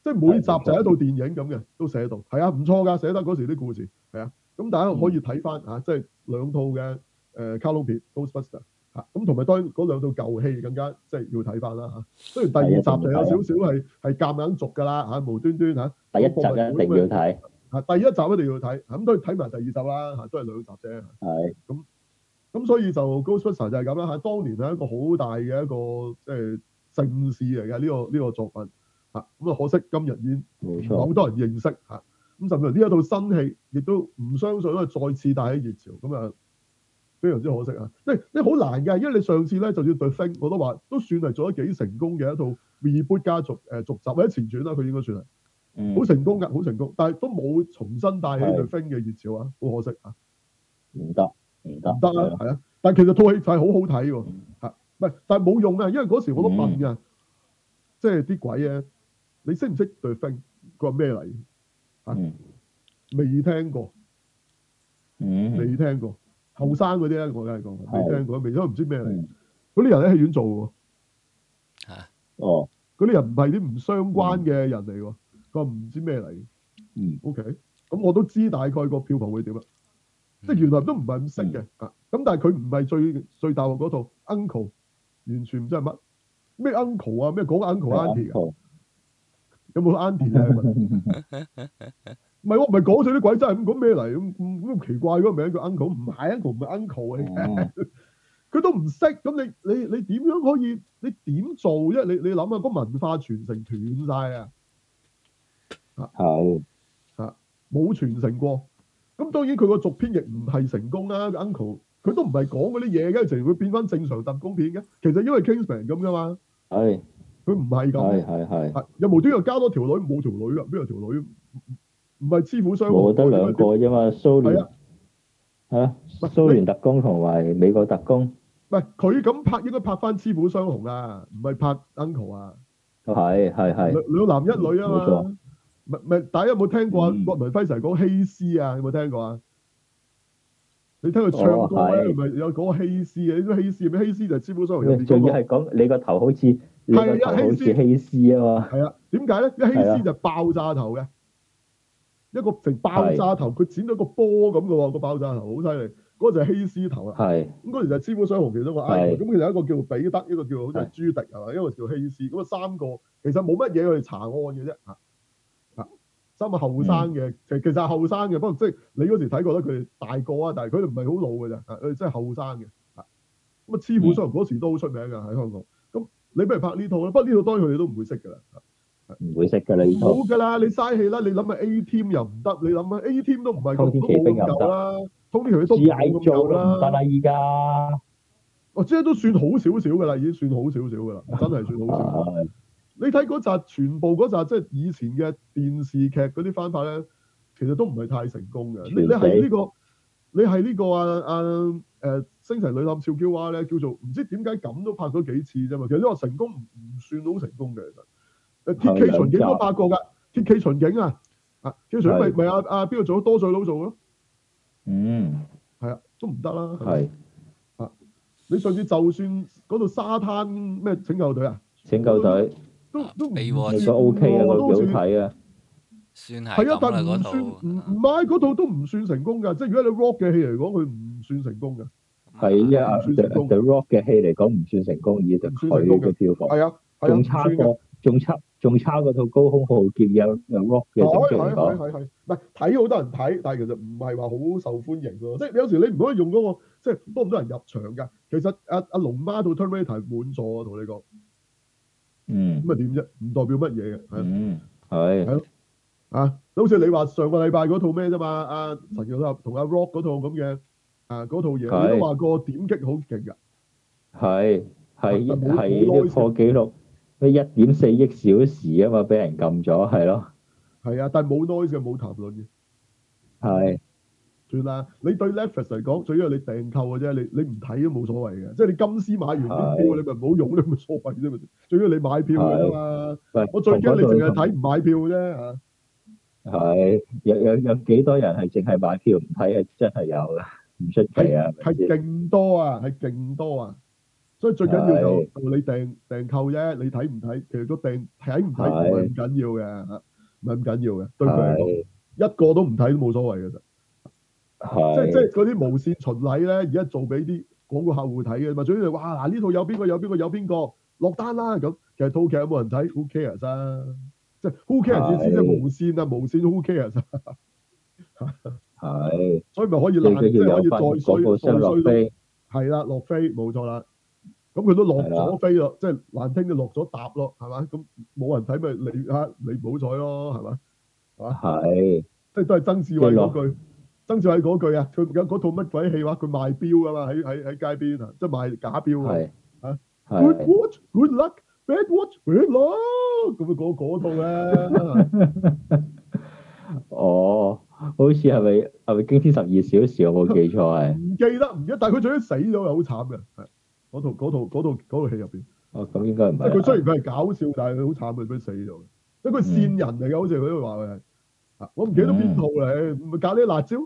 即係每集就係一套電影咁嘅，都寫喺度。係啊，唔錯噶，寫得嗰時啲故事係啊。咁大家可以睇翻嚇，嗯、即係兩套嘅誒卡通片《Ghostbusters、啊》嚇。咁同埋當然嗰兩套舊戲更加即係要睇翻啦嚇。雖然第二集就有少少係係夾硬續㗎啦嚇，無端端嚇、啊。第一集一定要睇嚇，第一集一定要睇。咁都睇埋第二集啦嚇、啊，都係兩集啫。係、啊。咁咁、啊、所以就，Ghost 就是這樣《Ghostbusters》就係咁啦嚇。當年係一個好大嘅一個即係盛事嚟嘅呢個呢、呢個作品。啊！咁啊，可惜今日已冇好多人認識嚇。咁錯甚至呢一套新戲，亦都唔相信都係再次帶起熱潮。咁啊，非常之可惜啊！嗯、即係啲好難嘅，因為你上次咧就要對 fin，我都話都算係做得幾成功嘅一套 w e b o 家族誒續集或者前傳啦，佢應該算係好、嗯、成功㗎，好成功。但係都冇重新帶起對 fin 嘅熱潮啊！好可惜啊！唔得、嗯，唔、嗯、得，唔得啊！係啊、嗯！但係其實套戲係好好睇喎，唔係、嗯，但係冇用啊！因為嗰時我都問㗎，嗯、即係啲鬼啊！你識唔識對分？佢話咩嚟？未聽過。嗯，未聽過。後生嗰啲咧，我梗係講未聽過，未都唔知咩嚟。嗰啲人喺戲院做喎。嚇！哦，啲人唔係啲唔相關嘅人嚟喎。佢話唔知咩嚟。嗯。O K，咁我都知大概個票房會點啦。即係原來都唔係咁識嘅。啊，咁但係佢唔係最最大鑊嗰套。Uncle 完全唔知係乜咩 Uncle 啊，咩個 Uncle Auntie 有冇 uncle 啊？唔係我唔係講咗啲鬼真係咁講咩嚟？咁咁咁奇怪個名叫 uncle，唔係 uncle，唔係 uncle 啊！佢都唔識，咁你你你點樣可以？你點做啫？你你諗吓，個文化傳承斷曬啊！啊，係啊，冇傳承過。咁當然佢個續篇亦唔係成功啦，uncle，佢都唔係講嗰啲嘢，而成為變翻正常特工片嘅。其實因為 Kingsman 咁㗎嘛，係。佢唔係㗎，係係係，又無端端加多條女，冇條女㗎，邊有條女？唔係師傅雙雄，我得兩個啫嘛。蘇聯係啊，啊，蘇聯特工同埋美國特工。唔係佢咁拍，應該拍翻師傅雙雄啊，唔係拍 Uncle 啊。都係係係。兩男一女啊嘛，唔係唔係，大家有冇聽過郭文輝成日講希斯啊？有冇聽過啊？你聽佢唱歌咧，唔係有講希斯啊？呢啲希斯咩希斯就師傅雙雄。仲要係講你個頭好似。係一、啊、希斯啊嘛，係啊，點解咧？一希斯就爆炸頭嘅，是啊、一個成爆炸頭，佢、啊、剪咗一個波咁嘅，那個爆炸頭好犀利，嗰、那個就係希斯頭是啊。係，咁嗰時就黐傅雙雄其中個哎，咁、啊啊、其實一個叫彼得，是啊、一個叫好似朱迪係嘛，是啊、一個叫希斯，咁啊三個其實冇乜嘢，佢哋查案嘅啫吓，吓，三個後生嘅，其、嗯、其實係後生嘅，不過即係你嗰時睇過覺得佢哋大個啊，但係佢哋唔係好老嘅啫，佢哋真係後生嘅，咁啊黐傅雙雄嗰時都好出名嘅喺香港。你不如拍呢套啦，套他們，不過呢套當然佢哋都唔會識噶啦，唔會識噶啦。好噶啦，你嘥氣啦！你諗下 A Team 又唔得，你諗下 A Team 都唔係。通天騎兵夠啦，通天騎兵都唔夠啦。得啦，依家哦，即係都算好少少噶啦，已經算好少少噶啦，真係算好少少。 (laughs) 你睇嗰集全部嗰集即係以前嘅電視劇嗰啲翻法咧,其實都唔係太成功嘅。死你你係呢個，你係呢個啊啊誒。啊《星際女諜》笑叫 R 咧，叫做唔知點解咁都拍咗幾次啫嘛。其實呢個成功唔唔算好成功嘅，其實。誒，《鐵器巡警》都拍過㗎，的《鐵器巡警》啊，啊，《鐵咪咪阿阿邊個做咗多數佬做咯。嗯，係啊，都唔得啦。係啊，你上次就算嗰度沙灘咩拯救隊啊？拯救隊都都未算 OK 啊，我，我覺得、OK、都表睇啊，算係。係啊，但係唔算唔唔買嗰套都唔算成功㗎。即係如果你 rock 嘅戲嚟講，佢唔算成功㗎。係一、啊、Rock 嘅戲嚟講，唔算成功，而係佢嘅票房係啊，仲、啊、差過仲差仲差過套高空浩劫有兩 rock 嘅。係係係係係，係睇好多人睇，但係其實唔係話好受歡迎。即係你有時你唔可以用嗰、那個，即係多唔多人入場㗎。其實阿阿龍媽套 Terminator 滿座啊，同你講。嗯。咁咪點啫？唔代表乜嘢嘅，係啊。係。係咯。嚇！好似你話上個禮拜嗰套咩啫嘛？阿、啊、陳玉同阿 Rock 嗰套咁嘅。啊！嗰套嘢，你話個點擊好勁噶，係係係啲破記錄，你一點四億小時啊嘛，俾人撳咗，係咯，係啊，但係冇 noise 嘅，冇談論嘅，係算啦。你對 Netflix 嚟講，最緊要你訂購嘅啫。你你唔睇都冇所謂嘅，即係你金絲買完啲票，你咪唔好用，你咪冇所謂啫嘛。最緊要你買票㗎嘛。我最驚你淨係睇唔買票啫嚇。係有有有幾多人係淨係買票唔睇啊？真係有嘅。係係勁多啊，係勁多啊，所以最緊要就你訂的訂購啫，你睇唔睇，其除咗訂睇唔睇唔係咁緊要嘅嚇，唔係咁緊要嘅，對佢嚟講一個都唔睇都冇所謂嘅啫的，即係即係嗰啲無線巡禮咧，而家做俾啲廣告客戶睇嘅，咪主要係哇嗱呢套有邊個有邊個有邊個落單啦、啊、咁，其實套劇有冇人睇 who cares 啊！ 的 即係 who cares 先先係無線啊無線 who cares 啊的 (laughs) 係，所以咪可以爛，即係可以再衰，再衰到係啦，落水飛冇錯啦。咁佢都落咗飛咯，即係的難聽就落咗搭咯，係嘛？咁冇人睇咪你吓你唔好彩咯，係、啊、嘛？係嘛？係，即係的、啊、都係曾志偉嗰句，曾志偉嗰句啊，佢而家嗰套乜鬼戲話佢賣表噶嘛？喺喺喺街邊、就是、的啊，即係賣假表係 Good watch, good luck. Bad watch, bad luck. 咁嗰套啊。 (laughs) 的 (laughs) 哦。好似係咪係咪驚天十二小時？我冇記錯係。唔記得唔記得，但係佢最終死咗又好慘嘅，嗰套嗰套嗰套嗰套戲入邊。我諗應該唔係。佢雖然佢係搞笑，但係佢好慘佢死咗。一個線人嚟嘅，好似佢都話嘅。啊，我唔記得邊套啦，咪咖喱辣椒？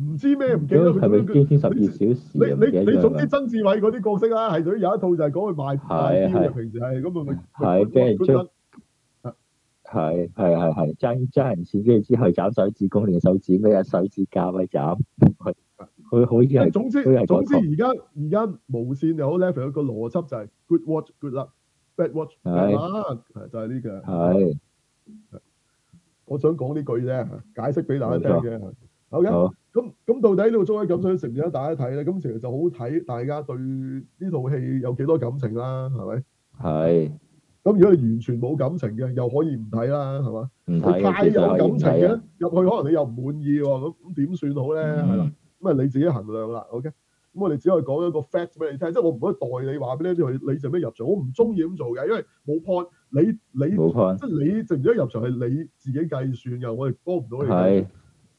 唔知咩，唔記得係咪驚天十二小時？你你總之曾志偉嗰啲角色啦，係嗰有一套就係講佢賣。係啊係。平時就係咁，係，即係係係係爭爭人錢，跟住之後斬手指，割連手指咩啊？手指甲咪斬，佢好似係。總之，是總之而家而家無線又好 level，個邏輯就係 good watch good luck，bad watch bad luck，係就係呢個。係，是的 我想講呢句啫，解釋俾大家聽嘅。好嘅，咁咁到底呢套綜藝咁想成唔成得大家睇咧？咁其實就好睇大家對呢套戲有幾多感情啦，係咪？係。咁如果你完全冇感情嘅，又可以唔睇啦，係嘛？太有感情嘅，入去可能你又唔滿意喎，咁點算好咧？係啦、嗯，咁啊你自己衡量啦，OK。咁我哋只可以講一個 fact 俾你聽，即係我唔可以代你話俾你聽，你做咩入場？我唔中意咁做嘅，因為冇 point 你。你錯你即係你做唔做入場係你自己計算嘅，我哋幫唔到你。係是，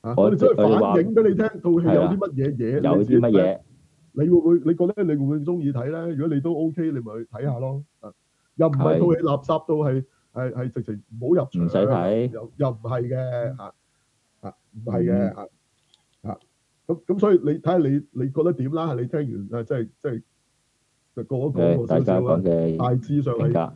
啊、我哋只係反映俾說你聽套戲有啲乜嘢嘢，的有啲乜嘢。你會唔會？你覺得你會唔會中意睇咧？如果你都 OK，你咪去睇下咯。又唔係套起垃圾，都係係係，直情唔好入場嘅，又又唔係嘅嚇嚇，唔係嘅嚇嚇，咁咁，所以你睇下你你覺得點啦？你聽完啊，即係即係就過一過少少啦。大致上係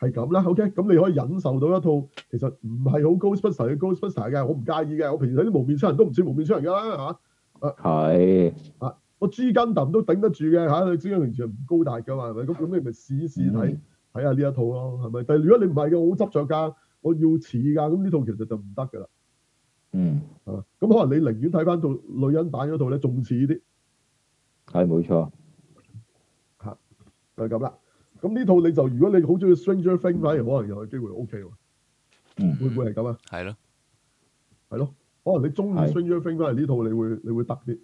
係咁啦。OK，咁你可以忍受到一套其實唔係好高質不齊嘅，高質不齊嘅，我唔介意嘅。我平時睇啲無面出人都唔似無面出人㗎啦嚇。啊，係啊，我豬筋氹都頂得住嘅嚇。你豬筋完全唔高大嘅嘛？係咪咁咁？你咪試試睇。睇下呢一套咯，係咪？但係如果你唔係嘅，我好執着㗎，我要似㗎，咁呢套其實就唔得㗎啦。嗯。嚇，咁可能你寧願睇翻套女人版嗰套咧，仲似啲。係冇錯。嚇，就係咁啦。咁呢套你就如果你好中意《Stranger Things》反而可能有機會 OK 喎。嗯。會唔會係咁啊？係咯的。係咯。可能你中意 str 的《Stranger Things》反而呢套你會你會得啲。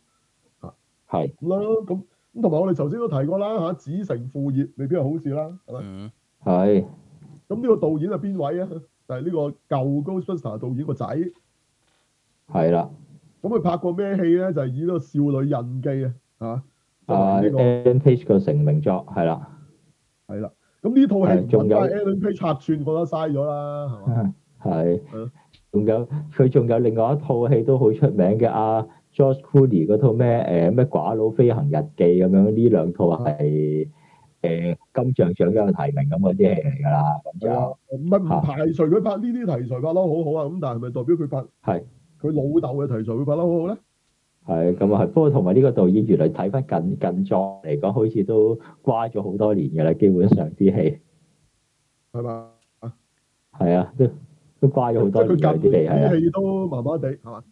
嚇的。係的。咁咁咁同埋我哋頭先都提過啦嚇，子承父業未必係好事啦，係咪？嗯。係，咁呢是個導演係邊位啊？就係、是、呢個舊 Ghostbuster 導演個仔。係啦了，咁佢拍過咩戲咧？就係、是、以呢個少女印記啊，吓、啊。啊，Ellen、這個、Page 嘅成名作係啦，係啦。咁呢套戲仲有 Ellen Page 插穿，我覺得嘥咗啦，係嘛？係。仲有佢仲有另外一套戲都好出名嘅啊，George Clooney 嗰套咩誒咩寡佬飛行日記咁樣，呢兩套係誒。是呃金像獎嗰個提名咁嗰啲嚟㗎啦，咁樣唔係唔排除佢拍呢啲題材拍得好好啊，咁但係係咪代表佢拍係佢老豆嘅題材會拍得好好咧？係咁啊，不過同埋呢個導演原來睇翻近近作嚟講，好似都乖咗好多年㗎啦，基本上啲戲係嘛？係啊，都都乖咗好多年㗎啲戲，係啊，啲戲都麻麻地係嘛？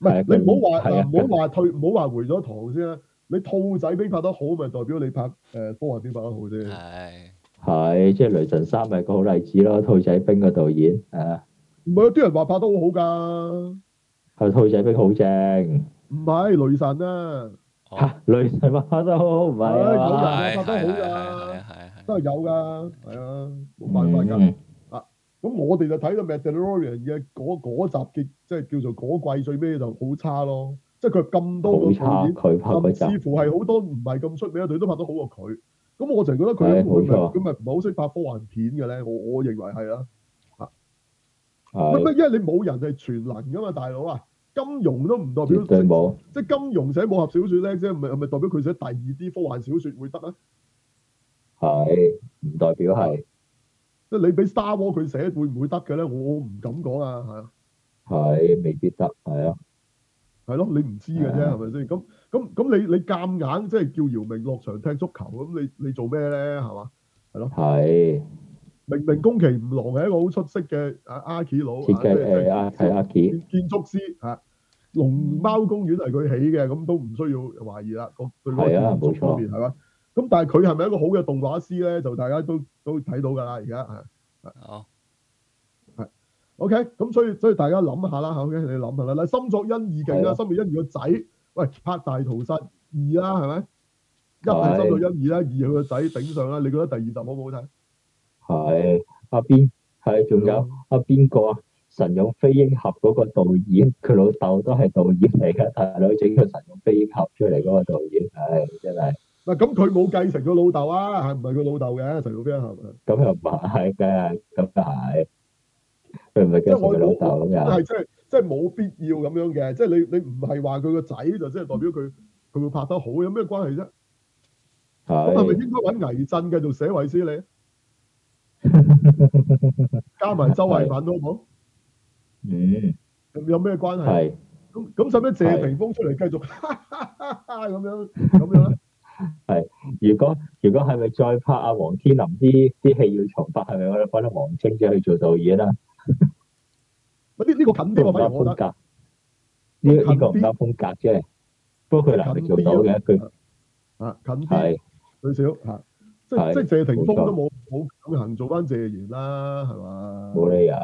唔係你唔好話唔好話退唔好話回咗堂先啊！你兔仔兵拍得好，咪代表你拍誒科幻片拍得好啫。係、呃，係即係雷神三咪個好例子咯。兔仔兵個導演誒，唔係有啲人話拍得好好㗎，係兔仔兵好正。唔係雷神啊，嚇、啊、雷神拍得好好，咪咁又拍得好㗎，都係有㗎，係、嗯、啊，冇辦法㗎。啊，咁我哋就睇到《Mandalorian》嘅嗰集嘅，即係叫做嗰季最尾就好差咯。即係佢咁多個電影，甚至乎係好多唔係咁出名，佢都拍得好過佢。咁我就係覺得佢咁咪咁咪唔係好識拍科幻片嘅咧。我我認為係啦。嚇是！係。因為你冇人係全能噶嘛、啊，大佬啊！金融都唔代表即冇。即金融寫武俠小說咧，即係係咪代表佢寫第二啲科幻小說會得，會會得說啊？係唔代表係？即係你俾 Star Wars 佢寫會唔會得嘅咧？我唔敢講啊！嚇。係未必得，係啊。係咯，你唔知嘅啫，係咪先？咁咁咁，你你夾硬即係叫姚明落場踢足球，咁你你做咩咧？係嘛？係咯。係。明明宮崎吾郎係一個好出色嘅阿阿基佬。設計係阿係阿基。建築師嚇，龍貓公園係佢起嘅，咁都唔需要懷疑啦。個佢攞嘢建築方面係嘛？咁但係佢係咪一個好嘅動畫師咧？就大家都都睇到㗎啦。而家嚇。好。O K，咁所以所以大家諗下啦，O K，你諗下啦。嗱，深作欣二勁啦，深作欣二個仔，喂拍大屠殺二啦，係咪？係。深作欣二啦，二佢個仔頂上啦，你覺得第二集好唔好睇？係阿邊係，仲有阿邊個啊？個神勇飛鷹俠嗰個導演，佢老豆都係導演嚟㗎，大佬整出神勇飛鷹俠出嚟嗰個導演，係真係。嗱，咁佢冇繼承咗老豆啊？係唔係佢老豆嘅神勇飛鷹俠？咁又唔係嘅，咁又係。即係我我係即係即係冇必要咁樣嘅，即、就、係、是、你你唔係話佢個仔就即、是、係代表佢佢會拍得好，有咩關係啫？咁係咪應該揾倪震繼續寫位先你？ (laughs) 加埋周慧敏是好唔好？嗯，咁有咩關係？係是。咁咁使唔使謝霆鋒出嚟繼續是？咁 (laughs) 樣咁樣啊？係。如果如果係咪再拍阿王天林啲啲戲要重拍，係咪我哋揾得王晶姐去做導演啊？呢呢個近啲啊，唔啱風格。呢呢個唔啱風格啫，不過佢難定做到嘅，佢啊近啲最少吓，即係即係謝霆鋒都冇冇肯行做翻謝賢啦，係嘛？冇理由，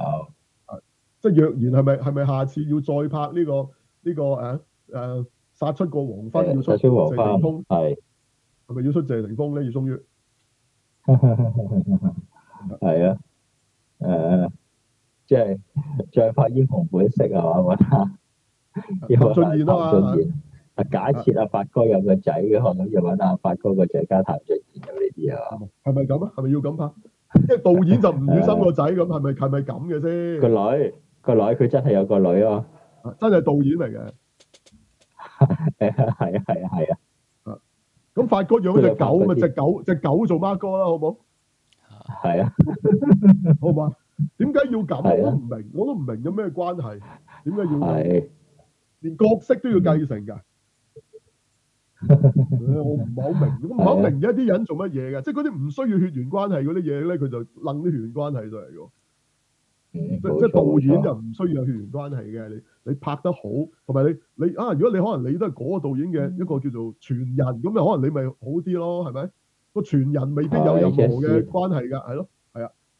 即係若然係咪係咪下次要再拍呢個呢個誒誒殺出個黃昏要出謝霆鋒係係咪要出謝霆鋒咧？要終於係啊誒。即係再發英雄本色係嘛？溫啊，溫俊賢啊嘛。溫俊賢啊，假設阿發哥有個仔嘅，可能要搵阿發哥個最佳男演員嘅呢啲啊。係咪咁啊？係咪要咁拍？即係導演就唔要生個仔咁，係咪係咪咁嘅先？個女，個女，佢真係有個女啊！真係導演嚟嘅。誒，係啊，係啊，係啊。啊，咁發哥養隻狗咪，隻狗隻狗做孖哥啦，好唔好？係啊，好嘛。點解要咁啊？我唔明，我都唔明有咩關係？點解、啊、要、啊、連角色都要繼承噶？ (laughs) 我唔係好明，我唔係好明一啲人做乜嘢嘅？即係嗰啲唔需要血緣關係嗰啲嘢咧，佢就掹啲血緣關係上嚟嘅。即係導演就唔需要有血緣關係嘅，你你拍得好，同埋你你啊，如果你可能你都係嗰個導演嘅一個叫做傳人，咁啊可能你咪好啲咯，係咪？個傳人未必有任何嘅關係噶，係咯、啊。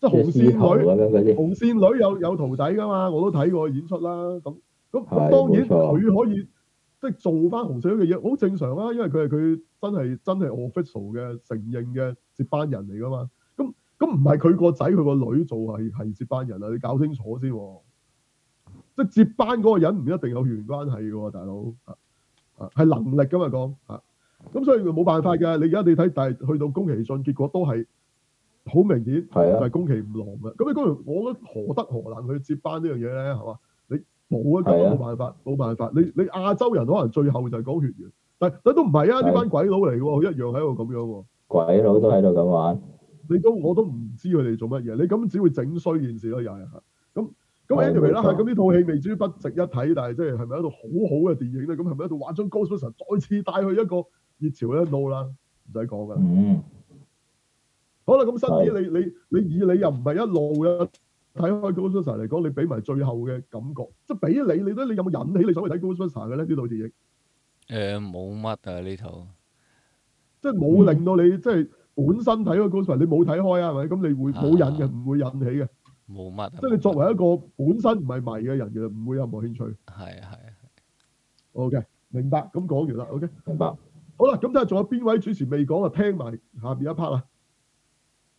即係紅線女，紅線女有有徒弟㗎嘛？我都睇過演出啦。咁咁當然佢可以即係、哎、做翻紅線女嘅嘢，好正常啊。因為佢係佢真係真係 official 嘅承認嘅接班人嚟㗎嘛。咁咁唔係佢個仔，佢個女做係係接班人啊？你搞清楚先、啊。即係接班嗰個人唔一定有血緣關係㗎喎、啊，大佬啊啊，係能力㗎嘛講啊。咁所以佢冇辦法㗎。你而家你睇，但係去到宮崎駿，結果都係。好明顯、啊、就係宮崎吾朗㗎，咁你嗰度我覺得何德何能去接班這件事呢樣嘢咧，係嘛？你冇啊，根本冇辦法，冇、啊、辦法。你你亞洲人可能最後就係講血緣，但係都唔係啊，呢班、啊、鬼佬嚟喎，一樣喺度咁樣喎。鬼佬都喺度咁玩。你都我都唔知佢哋做乜嘢，你咁只會整衰件事咯，又係嚇。咁咁 Anyway 啦嚇，咁呢套戲未至於不值一睇，但係即係係咪一套好好嘅電影咧？咁係咪喺度玩張 po 神，再次帶去一個熱潮咧到啦？唔使講㗎。不用說嗯。好啦，咁新啲你你你以你，你又唔係一路嘅睇開《Ghostbusters》嚟講，你俾埋最後嘅感覺，即係俾你，你覺得你有冇引起你，你想去睇《Ghostbusters》嘅咧？呢套電影誒冇乜啊，呢套即係冇令到你即係、就是、本身睇個《Ghostbusters》你冇睇開啊，係咪？噉你會冇引嘅，唔會引起嘅冇乜。啊、即係你作為一個本身唔係迷嘅人嘅，唔會有任何興趣。係係。O.K. 明白咁講完啦。O.K. 明白。好啦，咁睇下仲有邊位主持未講啊？就聽埋下邊一 part 啊！